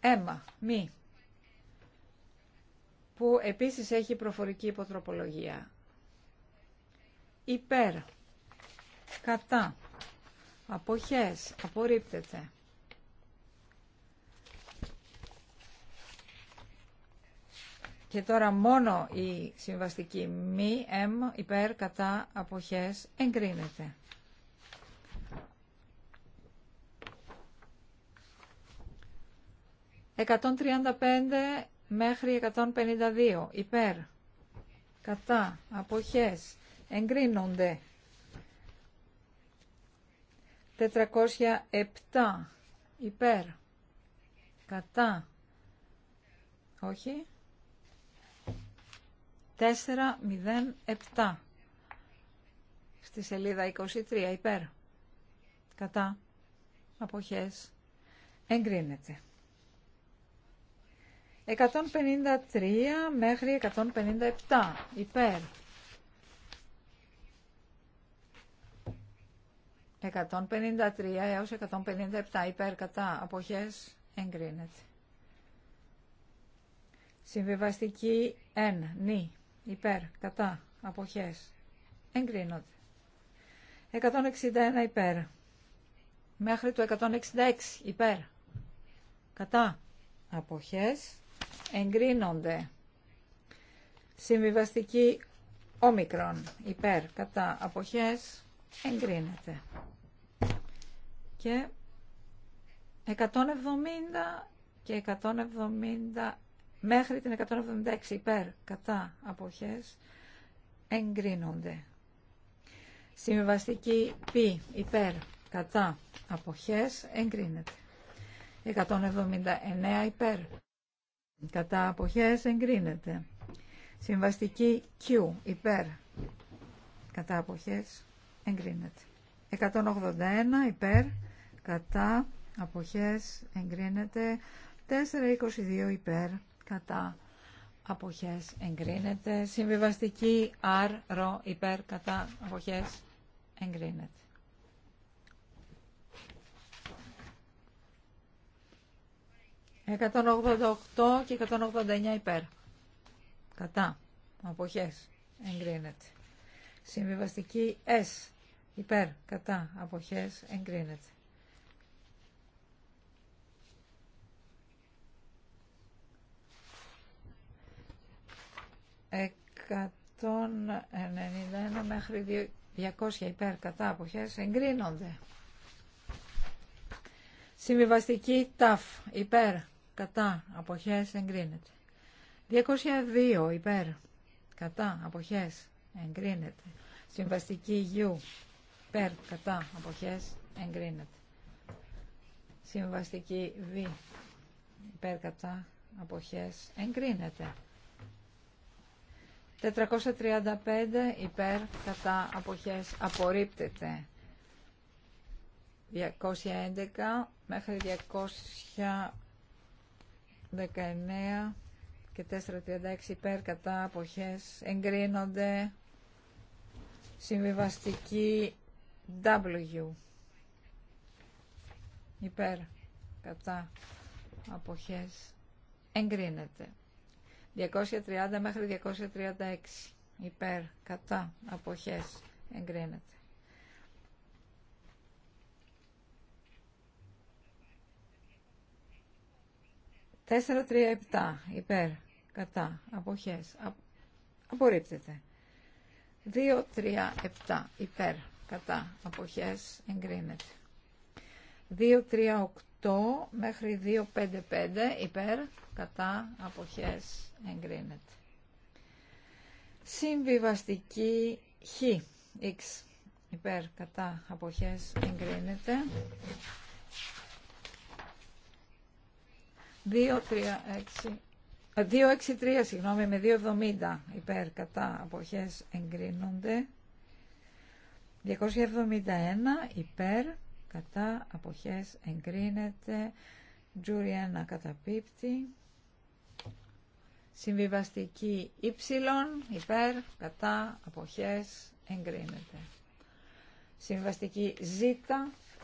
Έμα, μη, που επίσης έχει προφορική υποτροπολογία. Υπέρ, κατά, αποχές, απορρίπτεται. Και τώρα μόνο η συμβαστική μη, εμ, υπέρ, κατά, αποχές, εγκρίνεται. «135 μέχρι 152 υπέρ κατά αποχές εγκρίνονται 407 υπέρ κατά όχι 407 στη σελίδα 23 υπέρ κατά αποχές εγκρίνεται 153 μέχρι 157 υπέρ 153 έως 157 υπέρ κατά αποχές εγκρίνεται Συμβιβαστική 1 νη υπέρ κατά αποχές εγκρίνονται 161 υπέρ μέχρι το 166 υπέρ κατά αποχές εγκρίνονται. Συμβιβαστική όμικρον υπέρ κατά αποχές εγκρίνεται. Και 170 και 170 μέχρι την 176 υπέρ κατά αποχές εγκρίνονται. Συμβιβαστική π υπέρ κατά αποχές εγκρίνεται. 179 υπέρ κατά αποχές εγκρίνεται. Συμβαστική Q υπέρ κατά αποχές εγκρίνεται. 181 υπέρ κατά αποχές εγκρίνεται. 422 υπέρ κατά αποχές εγκρίνεται. Συμβιβαστική R ρο υπέρ κατά αποχές εγκρίνεται. 188 και 189 υπέρ. Κατά. Αποχές. Εγκρίνεται. Συμβιβαστική S. Υπέρ. Κατά. Αποχές. Εγκρίνεται. Εκατόν μέχρι 200 υπέρ κατά αποχές εγκρίνονται. Συμβιβαστική ταφ υπέρ κατά αποχές εγκρίνεται. 202 υπέρ κατά αποχές εγκρίνεται. Συμβαστική γιου υπέρ κατά αποχές εγκρίνεται. Συμβαστική Β υπέρ κατά αποχές εγκρίνεται. 435 υπέρ κατά αποχές απορρίπτεται. 211 μέχρι 19 και 4.36 υπέρ κατά αποχές εγκρίνονται συμβιβαστική W υπέρ κατά αποχές εγκρίνεται 230 μέχρι 236 υπέρ κατά αποχές εγκρίνεται 4-3-7. Υπέρ. Κατά. Αποχέ. Απορρίπτεται. 2-3-7. Υπέρ. Κατά. Αποχέ. Εγκρίνεται. 2-3-8. Μέχρι 2-5-5. Υπέρ. Κατά. Αποχέ. Εγκρίνεται. Συμβιβαστική. Χ. Υπέρ. Κατά. Αποχέ. Εγκρίνεται. 2 6 ε, συγγνώμη, με 2,70 υπέρ κατά αποχές εγκρίνονται. 271 υπέρ κατά αποχές εγκρίνεται. Τζούρι 1 καταπίπτει. Συμβιβαστική Y υπέρ κατά αποχές εγκρίνεται. Συμβιβαστική Z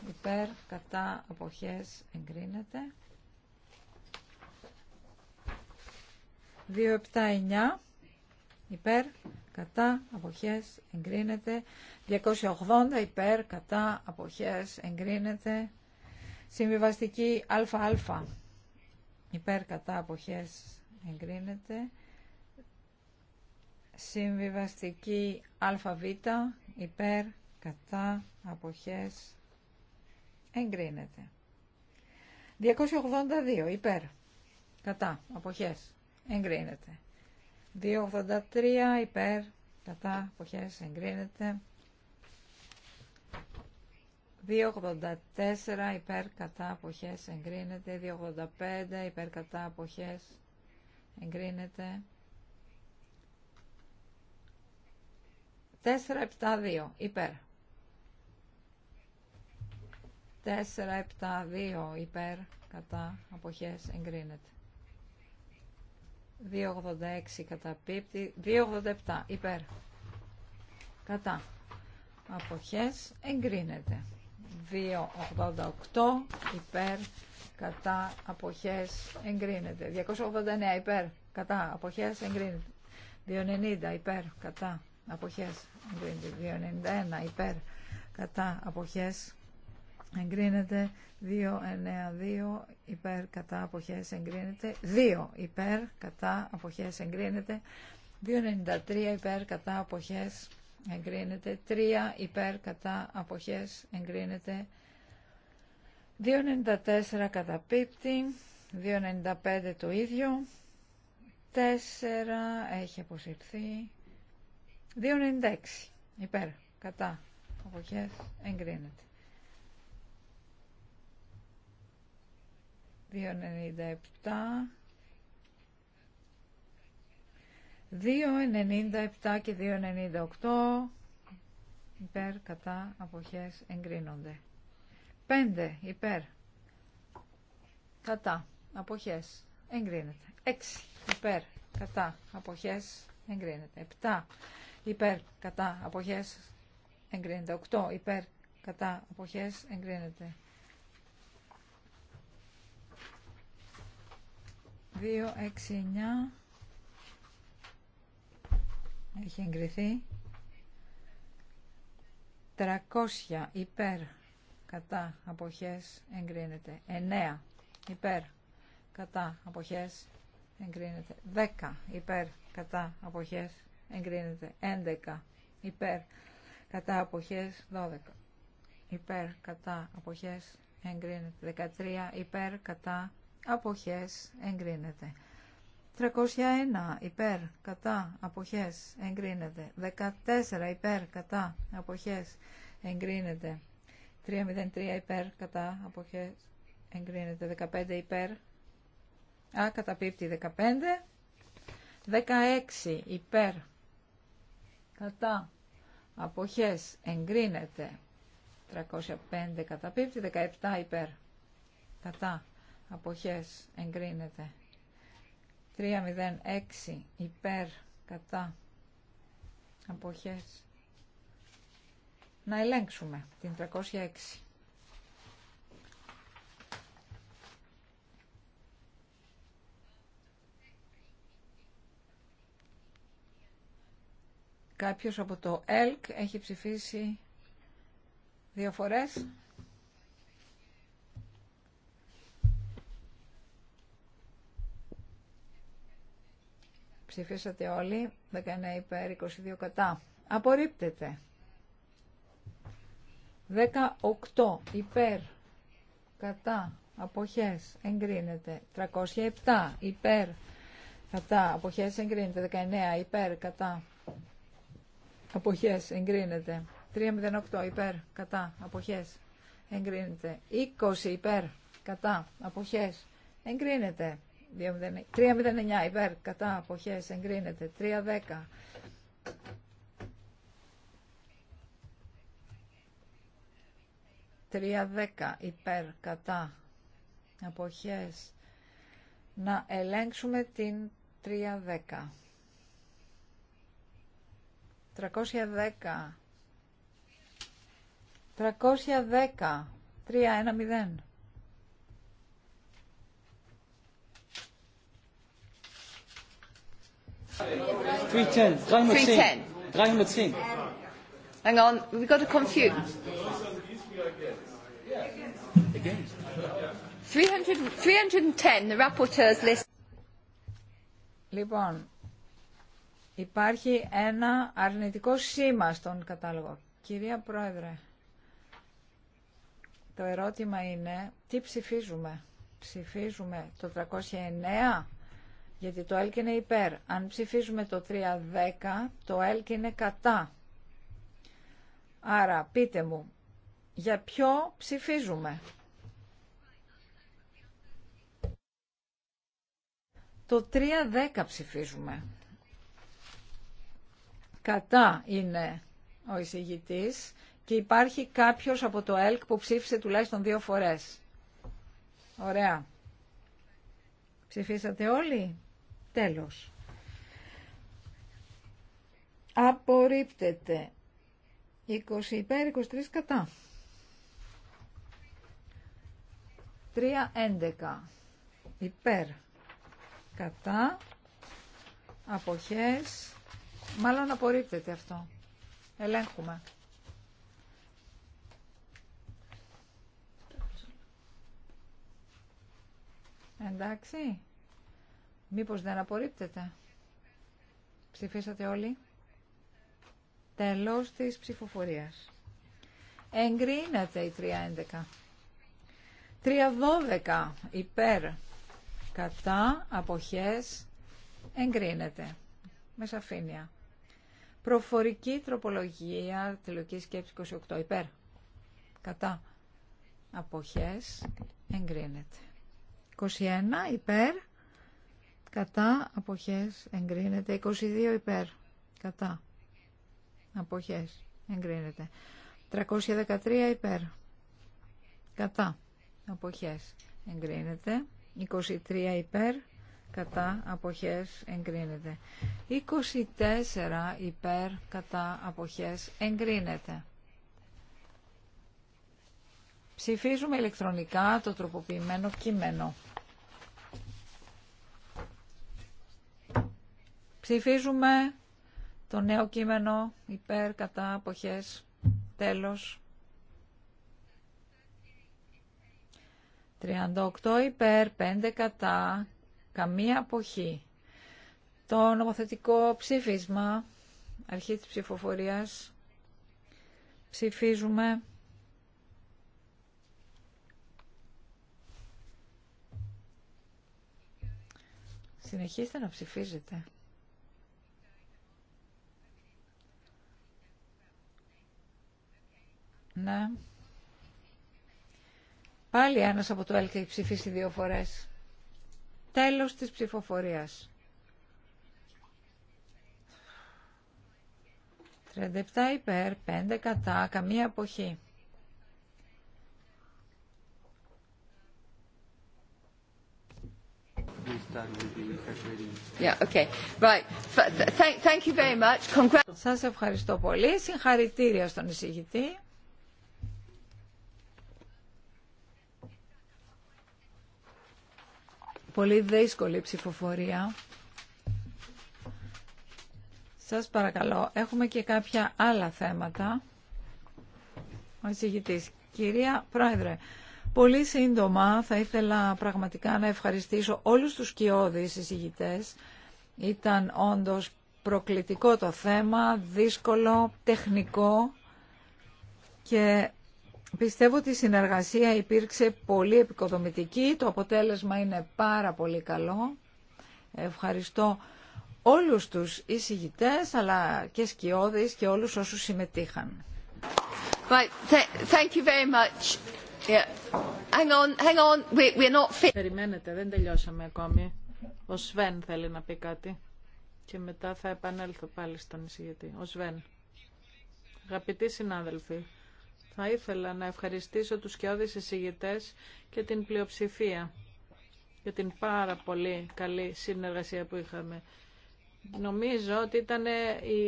υπέρ κατά αποχές εγκρίνεται. 279 υπέρ, κατά, αποχές, εγκρίνεται. 280 υπέρ, κατά, αποχές, εγκρίνεται. Συμβιβαστική ΑΑ υπέρ, κατά, αποχές, εγκρίνεται. Συμβιβαστική ΑΒ υπέρ, κατά, αποχές, εγκρίνεται. 282 υπέρ, κατά, αποχές, εγκρίνεται. 283 υπέρ κατά αποχές εγκρίνεται. 284 υπέρ κατά αποχές εγκρίνεται. 285 υπέρ κατά αποχές εγκρίνεται. 472 υπέρ. 472 υπέρ κατά αποχές εγκρίνεται. 286 κατά πίπτη, 287 υπέρ. Κατά. Αποχές εγκρίνεται. 288 υπέρ. Κατά. Αποχές εγκρίνεται. 289 υπέρ. Κατά. Αποχές εγκρίνεται. 290 υπέρ. Κατά. Αποχές εγκρίνεται. 291 υπέρ. Κατά. Αποχές εγκρίνεται 292 υπέρ κατά αποχές εγκρίνεται 2 υπέρ κατά αποχές εγκρίνεται 293 υπέρ κατά αποχές εγκρίνεται 3 υπέρ κατά αποχές εγκρίνεται 294 κατά πίπτη 295 το ίδιο 4 έχει αποσυρθεί 296 υπέρ κατά αποχές εγκρίνεται 2,97 και 2,98 υπέρ κατά αποχές εγκρίνονται 5 υπέρ κατά αποχές εγκρίνεται 6 υπέρ κατά αποχές εγκρίνεται 7 υπέρ κατά αποχές εγκρίνεται 8 υπέρ κατά αποχές εγκρίνεται 2-6-9 έχει εγκριθεί. 9, έχει εγκριθεί 300 υπέρ κατά αποχές εγκρίνεται 9 υπέρ κατά αποχές εγκρίνεται 10 υπέρ κατά αποχές εγκρίνεται 11 υπέρ κατά αποχές 12 υπέρ κατά αποχές εγκρίνεται 13 υπέρ κατά αποχές εγκρίνεται. 301 υπέρ κατά αποχές εγκρίνεται. 14 υπέρ κατά αποχές εγκρίνεται. 303 υπέρ κατά αποχές εγκρίνεται. 15 υπέρ. Α, καταπίπτει 15. 16 υπέρ κατά αποχές εγκρίνεται. 305 καταπίπτει. 17 υπέρ κατά αποχές εγκρίνεται 306 υπέρ κατά αποχές να ελέγξουμε την 306 Κάποιος από το ΕΛΚ έχει ψηφίσει δύο φορές. Ψηφίσατε όλοι. 19 υπέρ, 22 κατά. Απορρίπτεται. 18 υπέρ, κατά, αποχές, εγκρίνεται. 307 υπέρ, κατά, αποχές, εγκρίνεται. 19 υπέρ, κατά, αποχές, εγκρίνεται. 308 υπέρ, κατά, αποχές, εγκρίνεται. 20 υπέρ, κατά, αποχές, εγκρίνεται. 309 υπέρ κατά αποχές εγκρίνεται 310 310 υπέρ κατά αποχές να ελέγξουμε την 310 310 310 310 310. 310. 310. Hang on, we got to confuse. Against. 300, 310, the rapporteur's list. Λοιπόν, υπάρχει ένα αρνητικό σήμα στον κατάλογο. Κυρία Πρόεδρε, το ερώτημα είναι τι ψηφίζουμε. Ψηφίζουμε το 309 γιατί το ΕΛΚ είναι υπέρ. Αν ψηφίζουμε το 3 310, το ΕΛΚ είναι κατά. Άρα πείτε μου, για ποιο ψηφίζουμε. Το 310 ψηφίζουμε. Κατά είναι ο εισηγητής και υπάρχει κάποιος από το ΕΛΚ που ψήφισε τουλάχιστον δύο φορές. Ωραία. Ψηφίσατε όλοι. Τέλος. Απορρίπτεται. 20 υπέρ, 23 κατά. 3-11 υπέρ κατά αποχές μάλλον απορρίπτεται αυτό ελέγχουμε εντάξει Μήπως δεν απορρίπτεται. Ψηφίσατε όλοι. Τέλος της ψηφοφορίας. Εγκρίνεται η 311. 312 υπέρ κατά αποχές εγκρίνεται με σαφήνεια. Προφορική τροπολογία τελική σκέψη 28 υπέρ κατά αποχές εγκρίνεται. 21 υπέρ κατά αποχές εγκρίνεται 22 υπέρ κατά αποχές εγκρίνεται 313 υπέρ κατά αποχές εγκρίνεται 23 υπέρ κατά αποχές εγκρίνεται 24 υπέρ κατά αποχές εγκρίνεται Ψηφίζουμε ηλεκτρονικά το τροποποιημένο κείμενο. Ψηφίζουμε το νέο κείμενο υπέρ κατά αποχές. Τέλος. 38 υπέρ, 5 κατά, καμία αποχή. Το νομοθετικό ψήφισμα, αρχή της ψηφοφορίας, ψηφίζουμε. Συνεχίστε να ψηφίζετε. Πάλι ένας από το ΕΛΚ έχει ψηφίσει δύο φορές. Τέλος της ψηφοφορίας. 37 υπέρ, 5 κατά, καμία αποχή. Yeah, okay. right. Thank you very much. Σας ευχαριστώ πολύ. Συγχαρητήρια στον εισηγητή. πολύ δύσκολη ψηφοφορία. Σας παρακαλώ, έχουμε και κάποια άλλα θέματα. Ο εισηγητής. Κυρία Πρόεδρε, πολύ σύντομα θα ήθελα πραγματικά να ευχαριστήσω όλους τους κοιόδης εισηγητές. Ήταν όντως προκλητικό το θέμα, δύσκολο, τεχνικό και Πιστεύω ότι η συνεργασία υπήρξε πολύ επικοδομητική, το αποτέλεσμα είναι πάρα πολύ καλό. Ευχαριστώ όλους τους εισηγητές αλλά και σκιώδεις και όλους όσους συμμετείχαν. Περιμένετε, δεν τελειώσαμε ακόμη. Ο Σβέν θέλει να πει κάτι και μετά θα επανέλθω πάλι στον εισηγητή. Ο Σβέν. Αγαπητοί συνάδελφοι, θα ήθελα να ευχαριστήσω τους σκιώδεις εισηγητές και την πλειοψηφία για την πάρα πολύ καλή συνεργασία που είχαμε. Νομίζω ότι ήταν η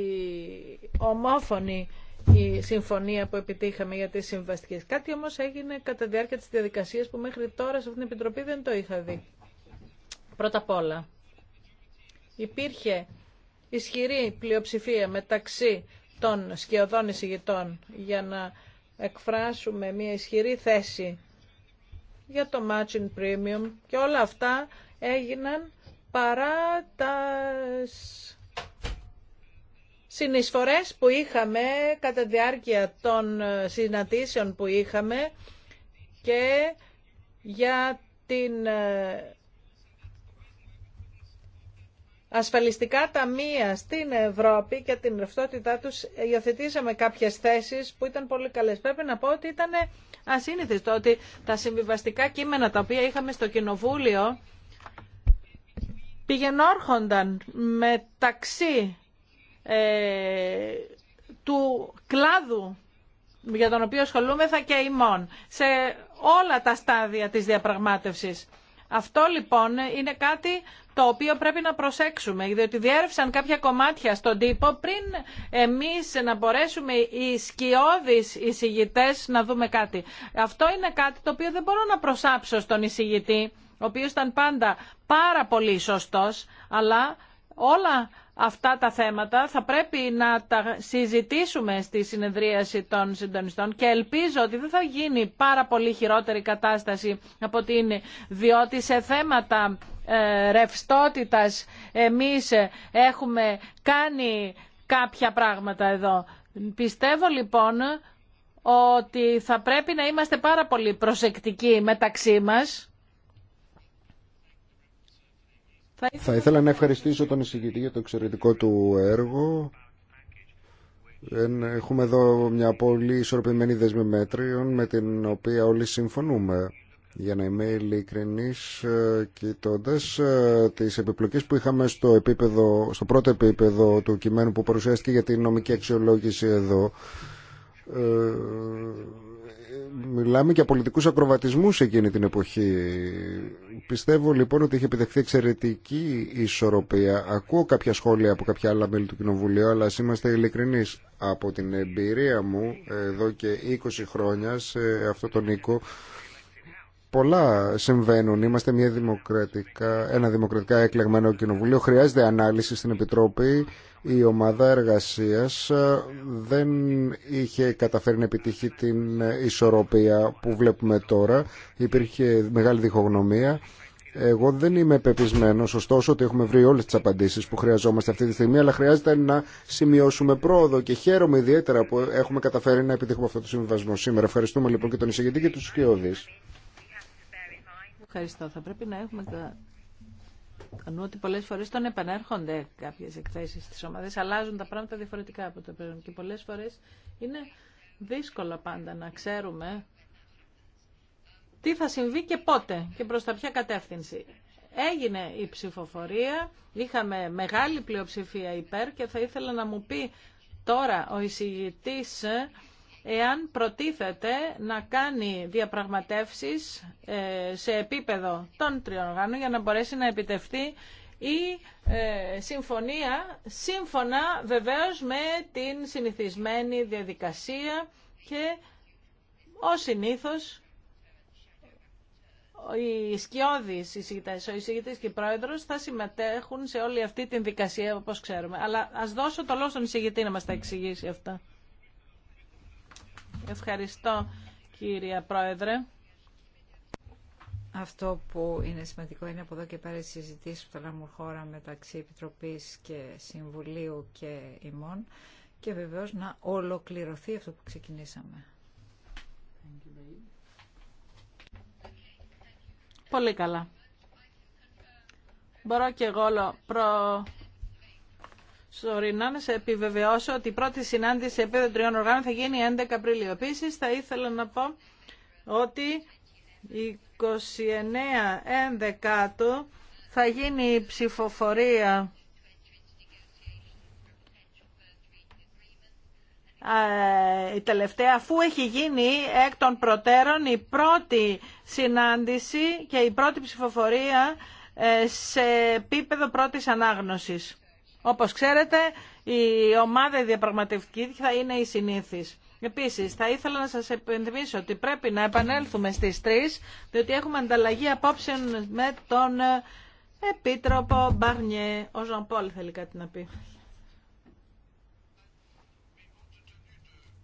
ομόφωνη η συμφωνία που επιτύχαμε για τις συμβαστικές. Κάτι όμως έγινε κατά διάρκεια της διαδικασίας που μέχρι τώρα σε αυτήν την Επιτροπή δεν το είχα δει. Πρώτα απ' όλα, υπήρχε ισχυρή πλειοψηφία μεταξύ των σκιωδών εισηγητών για να εκφράσουμε μια ισχυρή θέση για το matching premium και όλα αυτά έγιναν παρά τα συνεισφορές που είχαμε κατά τη διάρκεια των ε, συναντήσεων που είχαμε και για την ε, ασφαλιστικά ταμεία στην Ευρώπη και την ρευστότητά τους ε, υιοθετήσαμε κάποιες θέσεις που ήταν πολύ καλές. Πρέπει να πω ότι ήταν ασύνηθες το ότι τα συμβιβαστικά κείμενα τα οποία είχαμε στο Κοινοβούλιο πηγαινόρχονταν μεταξύ ε, του κλάδου για τον οποίο ασχολούμεθα και ημών σε όλα τα στάδια της διαπραγμάτευσης. Αυτό λοιπόν είναι κάτι το οποίο πρέπει να προσέξουμε, διότι διέρευσαν κάποια κομμάτια στον τύπο πριν εμείς να μπορέσουμε οι σκιώδεις εισηγητέ να δούμε κάτι. Αυτό είναι κάτι το οποίο δεν μπορώ να προσάψω στον εισηγητή, ο οποίος ήταν πάντα πάρα πολύ σωστός, αλλά όλα αυτά τα θέματα θα πρέπει να τα συζητήσουμε στη συνεδρίαση των συντονιστών και ελπίζω ότι δεν θα γίνει πάρα πολύ χειρότερη κατάσταση από ότι είναι, διότι σε θέματα ε, ρευστότητας εμείς έχουμε κάνει κάποια πράγματα εδώ. Πιστεύω λοιπόν ότι θα πρέπει να είμαστε πάρα πολύ προσεκτικοί μεταξύ μας. Θα ήθελα να ευχαριστήσω τον εισηγητή για το εξαιρετικό του έργο. Έχουμε εδώ μια πολύ ισορροπημένη μέτριων με την οποία όλοι συμφωνούμε. Για να είμαι ειλικρινής, ε, κοιτώντα ε, τις επιπλοκές που είχαμε στο, επίπεδο, στο πρώτο επίπεδο του κειμένου που παρουσιάστηκε για την νομική αξιολόγηση εδώ, ε, μιλάμε και για πολιτικούς ακροβατισμούς εκείνη την εποχή. Πιστεύω λοιπόν ότι είχε επιτευχθεί εξαιρετική ισορροπία. Ακούω κάποια σχόλια από κάποια άλλα μέλη του Κοινοβουλίου, αλλά ας είμαστε ειλικρινεί. Από την εμπειρία μου εδώ και 20 χρόνια σε αυτό τον οίκο πολλά συμβαίνουν. Είμαστε μια δημοκρατικά, ένα δημοκρατικά εκλεγμένο κοινοβουλίο. Χρειάζεται ανάλυση στην Επιτροπή. Η ομάδα εργασία ε, δεν είχε καταφέρει να επιτύχει την ε, ισορροπία που βλέπουμε τώρα. Υπήρχε μεγάλη διχογνωμία. Εγώ δεν είμαι πεπισμένο, ωστόσο, ότι έχουμε βρει όλε τι απαντήσει που χρειαζόμαστε αυτή τη στιγμή, αλλά χρειάζεται να σημειώσουμε πρόοδο και χαίρομαι ιδιαίτερα που έχουμε καταφέρει να επιτύχουμε αυτό το συμβιβασμό σήμερα. Ευχαριστούμε λοιπόν και τον εισηγητή και του Σκιώδη. Ευχαριστώ. Θα πρέπει να έχουμε το νου ότι πολλές φορές τον επανέρχονται κάποιες εκθέσει στις ομάδες. αλλάζουν τα πράγματα διαφορετικά από το πριν. Και πολλές φορές είναι δύσκολο πάντα να ξέρουμε τι θα συμβεί και πότε και προς τα ποια κατεύθυνση. Έγινε η ψηφοφορία, είχαμε μεγάλη πλειοψηφία υπέρ και θα ήθελα να μου πει τώρα ο εισηγητής ε, εάν προτίθεται να κάνει διαπραγματεύσεις ε, σε επίπεδο των τριών οργάνων για να μπορέσει να επιτευχθεί η ε, συμφωνία σύμφωνα βεβαίως με την συνηθισμένη διαδικασία και ο συνήθως οι σκιώδεις εισηγητές, ο εισηγητής και η πρόεδρος θα συμμετέχουν σε όλη αυτή την δικασία όπως ξέρουμε. Αλλά ας δώσω το λόγο στον εισηγητή να μας τα εξηγήσει αυτά. Ευχαριστώ κύριε Πρόεδρε. Αυτό που είναι σημαντικό είναι από εδώ και πέρα οι συζητήσεις που θα λάβουν χώρα μεταξύ Επιτροπής και Συμβουλίου και ημών και βεβαίως να ολοκληρωθεί αυτό που ξεκινήσαμε. Πολύ καλά. Μπορώ και εγώ προ... Σωρινά να σε επιβεβαιώσω ότι η πρώτη συνάντηση σε επίπεδο τριών οργάνων θα γίνει 11 Απριλίου. Επίση, θα ήθελα να πω ότι 29 11 θα γίνει η ψηφοφορία η τελευταία, αφού έχει γίνει εκ των προτέρων η πρώτη συνάντηση και η πρώτη ψηφοφορία ε, σε επίπεδο πρώτης ανάγνωσης. Όπως ξέρετε, η ομάδα διαπραγματευτική θα είναι η συνήθις. Επίσης, θα ήθελα να σας επενδυμίσω ότι πρέπει να επανέλθουμε στις 3, διότι έχουμε ανταλλαγή απόψεων με τον ε, Επίτροπο Μπαρνιέ. Ο Ζων Πολ θέλει κάτι να πει.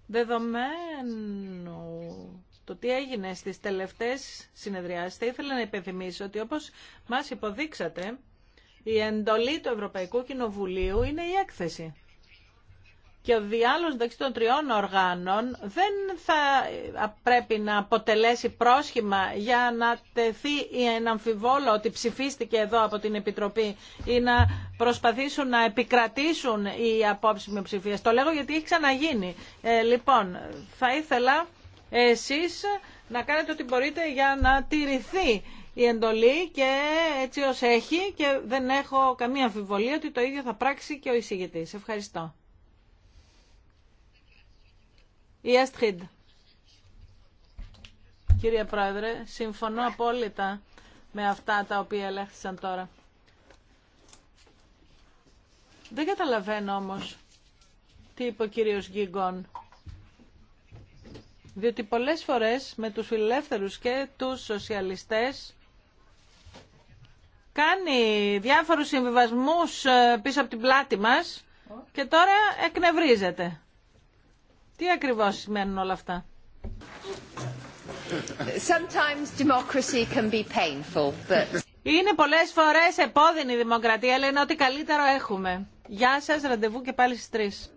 Δεδομένου το τι έγινε στις τελευταίες συνεδριάσεις, θα ήθελα να υπενθυμίσω ότι όπως μας υποδείξατε, η εντολή του Ευρωπαϊκού Κοινοβουλίου είναι η έκθεση. Και ο διάλογος μεταξύ των τριών οργάνων δεν θα πρέπει να αποτελέσει πρόσχημα για να τεθεί ή ένα αμφιβόλο ότι ψηφίστηκε εδώ από την Επιτροπή ή να προσπαθήσουν να επικρατήσουν οι απόψεις με ψηφίες. Το λέγω γιατί έχει ξαναγίνει. Ε, λοιπόν, θα ήθελα εσείς να κάνετε ό,τι μπορείτε για να τηρηθεί η εντολή και έτσι ως έχει και δεν έχω καμία αμφιβολία ότι το ίδιο θα πράξει και ο εισηγητής. Ευχαριστώ. Η Αστριντ. Κύριε Πρόεδρε, συμφωνώ απόλυτα με αυτά τα οποία ελέγχθησαν τώρα. Δεν καταλαβαίνω όμως τι είπε ο κύριος Γκίγκον. Διότι πολλές φορές με τους φιλελεύθερους και τους σοσιαλιστές κάνει διάφορους συμβιβασμούς ε, πίσω από την πλάτη μας και τώρα εκνευρίζεται. Τι ακριβώς σημαίνουν όλα αυτά. be Είναι πολλές φορές επώδυνη η δημοκρατία, λένε ό,τι καλύτερο έχουμε. Γεια σας, ραντεβού και πάλι στις τρεις.